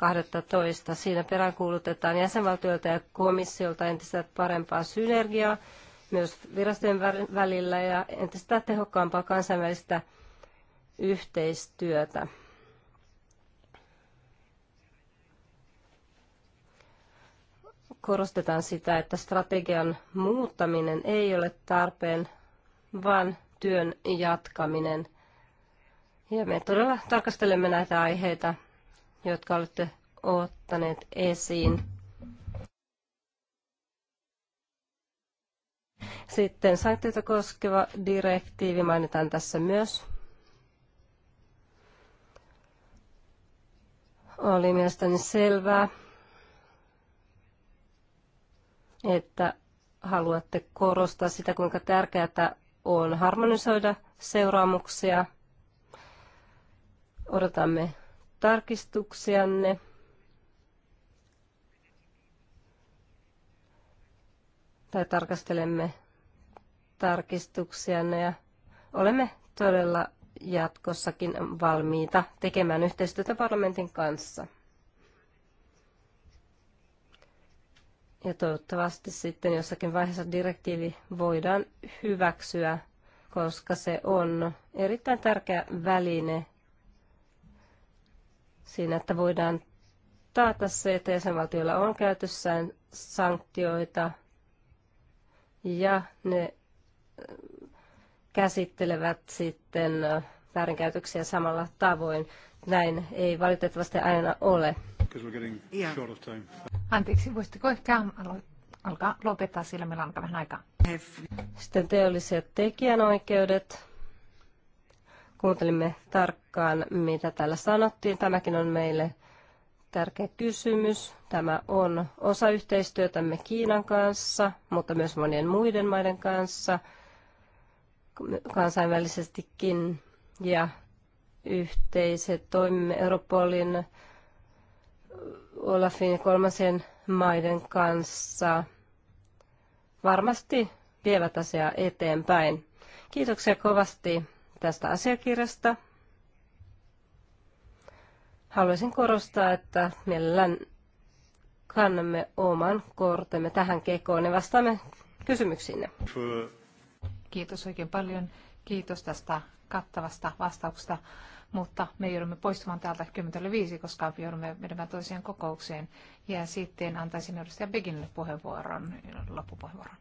6.12. Siinä peräänkuulutetaan jäsenvaltioilta ja komissiolta entistä parempaa synergiaa myös virastojen välillä ja entistä tehokkaampaa kansainvälistä yhteistyötä. korostetaan sitä, että strategian muuttaminen ei ole tarpeen, vaan työn jatkaminen. Ja me todella tarkastelemme näitä aiheita, jotka olette ottaneet esiin. Sitten sanktioita koskeva direktiivi mainitaan tässä myös. Oli mielestäni selvää, että haluatte korostaa sitä, kuinka tärkeää on harmonisoida seuraamuksia. Odotamme tarkistuksianne. Tai tarkastelemme tarkistuksianne ja olemme todella jatkossakin valmiita tekemään yhteistyötä parlamentin kanssa. Ja toivottavasti sitten jossakin vaiheessa direktiivi voidaan hyväksyä, koska se on erittäin tärkeä väline siinä, että voidaan taata se, että jäsenvaltioilla on käytössään sanktioita ja ne äh, käsittelevät sitten äh, väärinkäytöksiä samalla tavoin. Näin ei valitettavasti aina ole. Anteeksi, voisitteko ehkä alkaa lopettaa, sillä meillä on vähän aikaa. Sitten teolliset tekijänoikeudet. Kuuntelimme tarkkaan, mitä täällä sanottiin. Tämäkin on meille tärkeä kysymys. Tämä on osa yhteistyötämme Kiinan kanssa, mutta myös monien muiden maiden kanssa kansainvälisestikin. Ja yhteiset toimimme Europolin Olafin ja maiden kanssa varmasti vievät asiaa eteenpäin. Kiitoksia kovasti tästä asiakirjasta. Haluaisin korostaa, että mielellään kannamme oman kortemme tähän kekoon ja vastaamme kysymyksiinne. Kiitos oikein paljon. Kiitos tästä kattavasta vastauksesta mutta me joudumme poistumaan täältä 10.5, koska joudumme menemään toiseen kokoukseen. Ja sitten antaisin edustaja Beginille puheenvuoron, loppupuheenvuoron.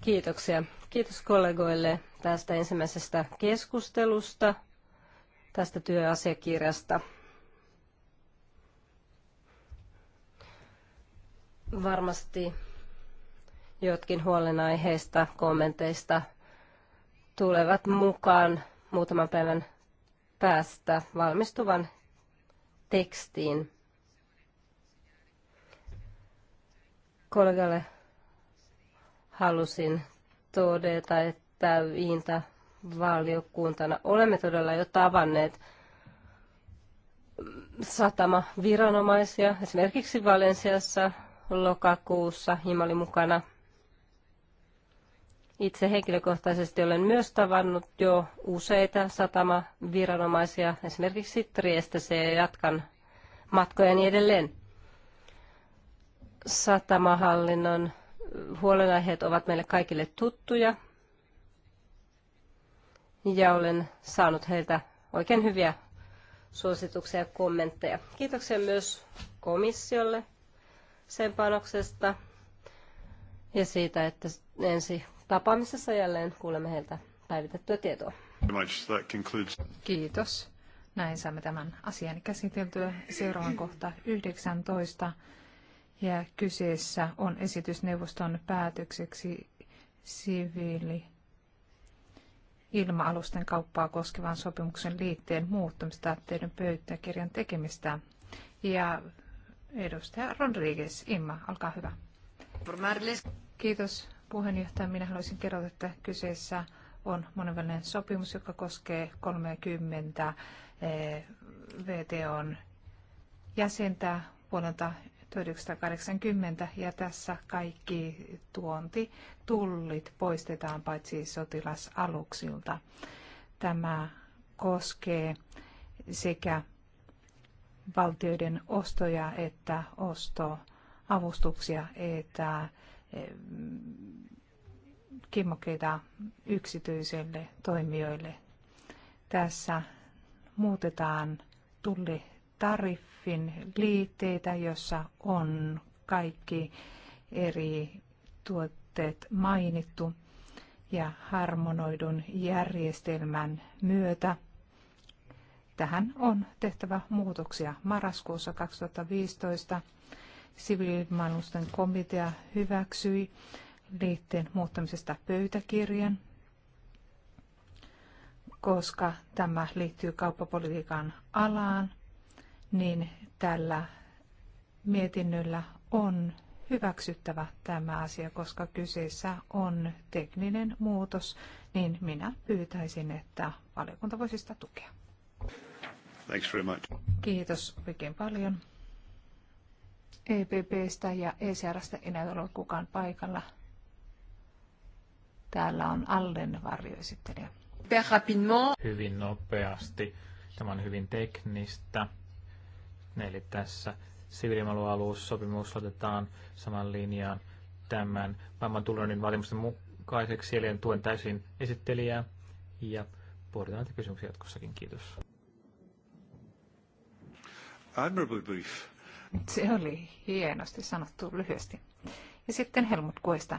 Kiitoksia. Kiitos kollegoille tästä ensimmäisestä keskustelusta, tästä työasiakirjasta. Varmasti jotkin huolenaiheista, kommenteista tulevat mukaan muutaman päivän päästä valmistuvan tekstiin. Kollegalle halusin todeta, että viinta valiokuntana olemme todella jo tavanneet satama viranomaisia. Esimerkiksi Valensiassa lokakuussa Hima oli mukana – itse henkilökohtaisesti olen myös tavannut jo useita satamaviranomaisia, esimerkiksi Triestessä ja jatkan matkojani niin edelleen. Satamahallinnon huolenaiheet ovat meille kaikille tuttuja ja olen saanut heiltä oikein hyviä suosituksia ja kommentteja. Kiitoksia myös komissiolle sen panoksesta ja siitä, että ensi tapaamisessa jälleen kuulemme heiltä päivitettyä tietoa. Kiitos. Näin saamme tämän asian käsiteltyä. Seuraava kohta 19. Ja kyseessä on esitysneuvoston päätökseksi siviili ilma-alusten kauppaa koskevan sopimuksen liitteen muuttamista teidän pöytäkirjan tekemistä. Ja edustaja Rodriguez, Imma, olkaa hyvä. Kiitos puheenjohtaja. Minä haluaisin kerrota, että kyseessä on monenvälinen sopimus, joka koskee 30 eh, VTOn jäsentä vuodelta 1980 ja tässä kaikki tuonti tullit poistetaan paitsi sotilasaluksilta. Tämä koskee sekä valtioiden ostoja että ostoavustuksia että kimmokkeita yksityisille toimijoille. Tässä muutetaan tullitariffin liitteitä, jossa on kaikki eri tuotteet mainittu ja harmonoidun järjestelmän myötä. Tähän on tehtävä muutoksia. Marraskuussa 2015 siviilimaanlusten komitea hyväksyi liitteen muuttamisesta pöytäkirjan, koska tämä liittyy kauppapolitiikan alaan, niin tällä mietinnöllä on hyväksyttävä tämä asia, koska kyseessä on tekninen muutos, niin minä pyytäisin, että valiokunta voisi sitä tukea. Thanks very much. Kiitos oikein paljon. EPPstä ja ECRstä ei näytä ole kukaan paikalla. Täällä on Allen varjoesittelijä. Hyvin nopeasti. Tämä on hyvin teknistä. Eli tässä siviilimalualuussopimus otetaan saman linjaan tämän maailman tulonin vaatimusten mukaiseksi. Eli tuen täysin esittelijää ja pohditaan näitä kysymyksiä jatkossakin. Kiitos. Admirably brief. Se oli hienosti sanottu lyhyesti. Ja sitten Helmut Kuista.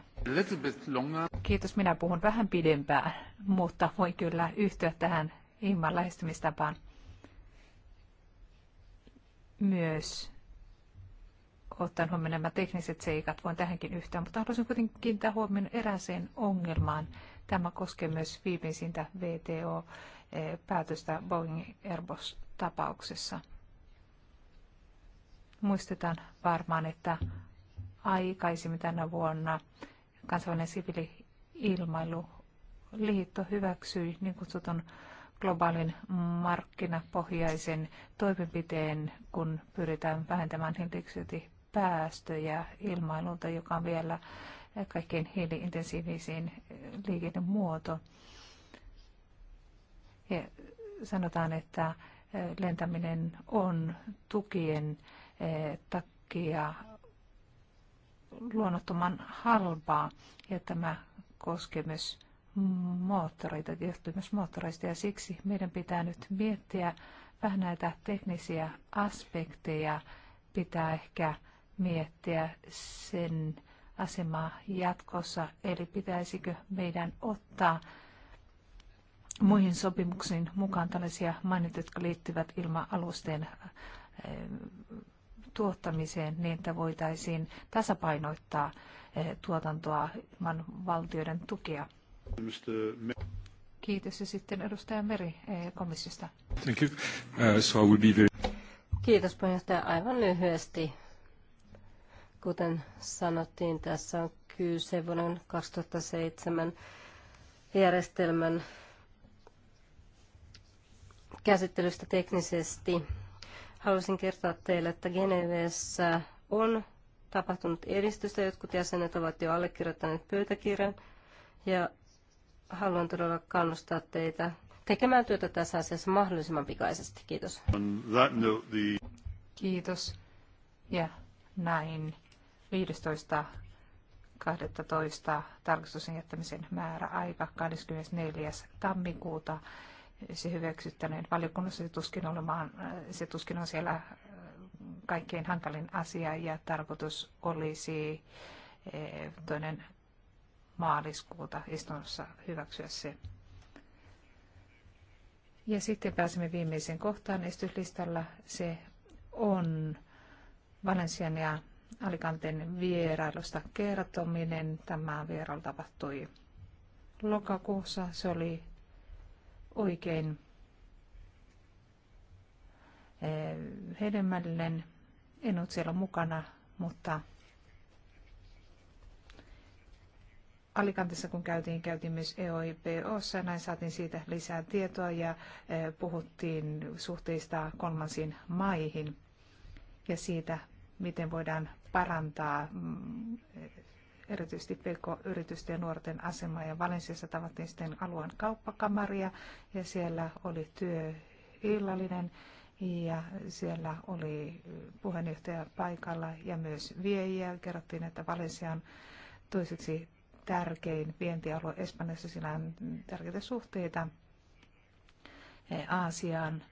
Kiitos, minä puhun vähän pidempään, mutta voin kyllä yhtyä tähän Imman lähestymistapaan. Myös ottaen huomioon nämä tekniset seikat, voin tähänkin yhtään, mutta haluaisin kuitenkin kiinnittää huomioon erääseen ongelmaan. Tämä koskee myös viimeisintä VTO-päätöstä eh, Boeing Airbus-tapauksessa. Muistetaan varmaan, että aikaisemmin tänä vuonna kansainvälinen siviili-ilmailuliitto hyväksyi niin kutsutun globaalin markkinapohjaisen toimenpiteen, kun pyritään vähentämään hiilidioksidipäästöjä ilmailulta, joka on vielä kaikkein hiiliintensiivisin liikennemuoto. Ja sanotaan, että lentäminen on tukien E, takia luonnottoman halpaa. Ja tämä koskee myös moottoreita, johtuu myös moottoreista ja siksi meidän pitää nyt miettiä vähän näitä teknisiä aspekteja, pitää ehkä miettiä sen asemaa jatkossa, eli pitäisikö meidän ottaa muihin sopimuksiin mukaan tällaisia mainit, jotka liittyvät ilma-alusten tuottamiseen niin, että voitaisiin tasapainoittaa eh, tuotantoa ilman valtioiden tukea. Kiitos ja sitten edustaja Meri eh, komissiosta. Thank you. Uh, so I will be very... Kiitos puheenjohtaja. Aivan lyhyesti. Kuten sanottiin, tässä on kyse vuoden 2007 järjestelmän käsittelystä teknisesti Haluaisin kertoa teille, että Geneveessä on tapahtunut edistystä. Jotkut jäsenet ovat jo allekirjoittaneet pöytäkirjan ja haluan todella kannustaa teitä tekemään työtä tässä asiassa mahdollisimman pikaisesti. Kiitos. Kiitos. Ja näin 15.12. tarkistuksen jättämisen määräaika 24. tammikuuta se hyväksyttäneen valiokunnassa, se tuskin, olemaan, se tuskin on siellä äh, kaikkein hankalin asia ja tarkoitus olisi äh, toinen maaliskuuta istunnossa hyväksyä se. Ja sitten pääsemme viimeiseen kohtaan esityslistalla. Se on Valensian ja Alicanten vierailusta kertominen. Tämä vierailu tapahtui lokakuussa. Se oli oikein eh, hedelmällinen. En ollut siellä mukana, mutta Alicantissa kun käytiin, käytiin myös EOIPOssa ja näin saatiin siitä lisää tietoa ja eh, puhuttiin suhteista kolmansiin maihin ja siitä, miten voidaan parantaa mm, erityisesti PK-yritysten ja nuorten asemaa. Ja Valensiassa tavattiin sitten alueen kauppakamaria ja siellä oli työillallinen ja siellä oli puheenjohtaja paikalla ja myös viejiä. Kerrottiin, että Valensia on toiseksi tärkein vientialue Espanjassa. Sillä on tärkeitä suhteita Aasiaan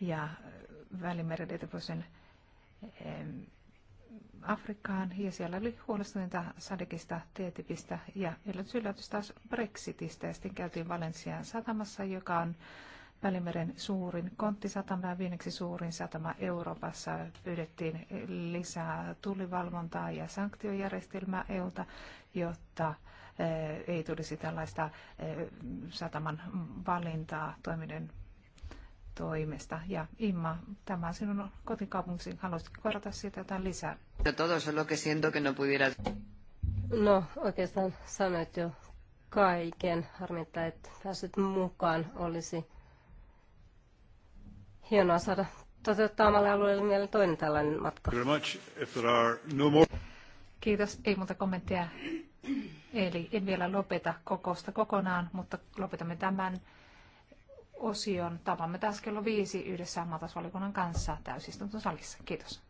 ja Välimeren Afrikkaan ja siellä oli huolestuneita Sadekista, TTIPistä ja yllätys yllätys taas Brexitistä ja sitten käytiin Valensian satamassa, joka on Välimeren suurin konttisatama ja viimeksi suurin satama Euroopassa. Pyydettiin lisää tullivalvontaa ja sanktiojärjestelmää EUlta, jotta eh, ei tulisi tällaista eh, sataman valintaa toiminnan toimesta. Ja Imma, tämä on sinun kotikaupunkisi. Haluaisitko korjata siitä jotain lisää? No, no, oikeastaan sanoit jo kaiken. Harmittaa, että pääsit mukaan. Olisi hienoa saada toteuttaa omalle alueelle vielä toinen tällainen matka. No Kiitos. Ei muuta kommenttia. Eli en vielä lopeta kokousta kokonaan, mutta lopetamme tämän osion. Tapaamme taas kello viisi yhdessä maatalousvaliokunnan kanssa täysistuntosalissa. Kiitos.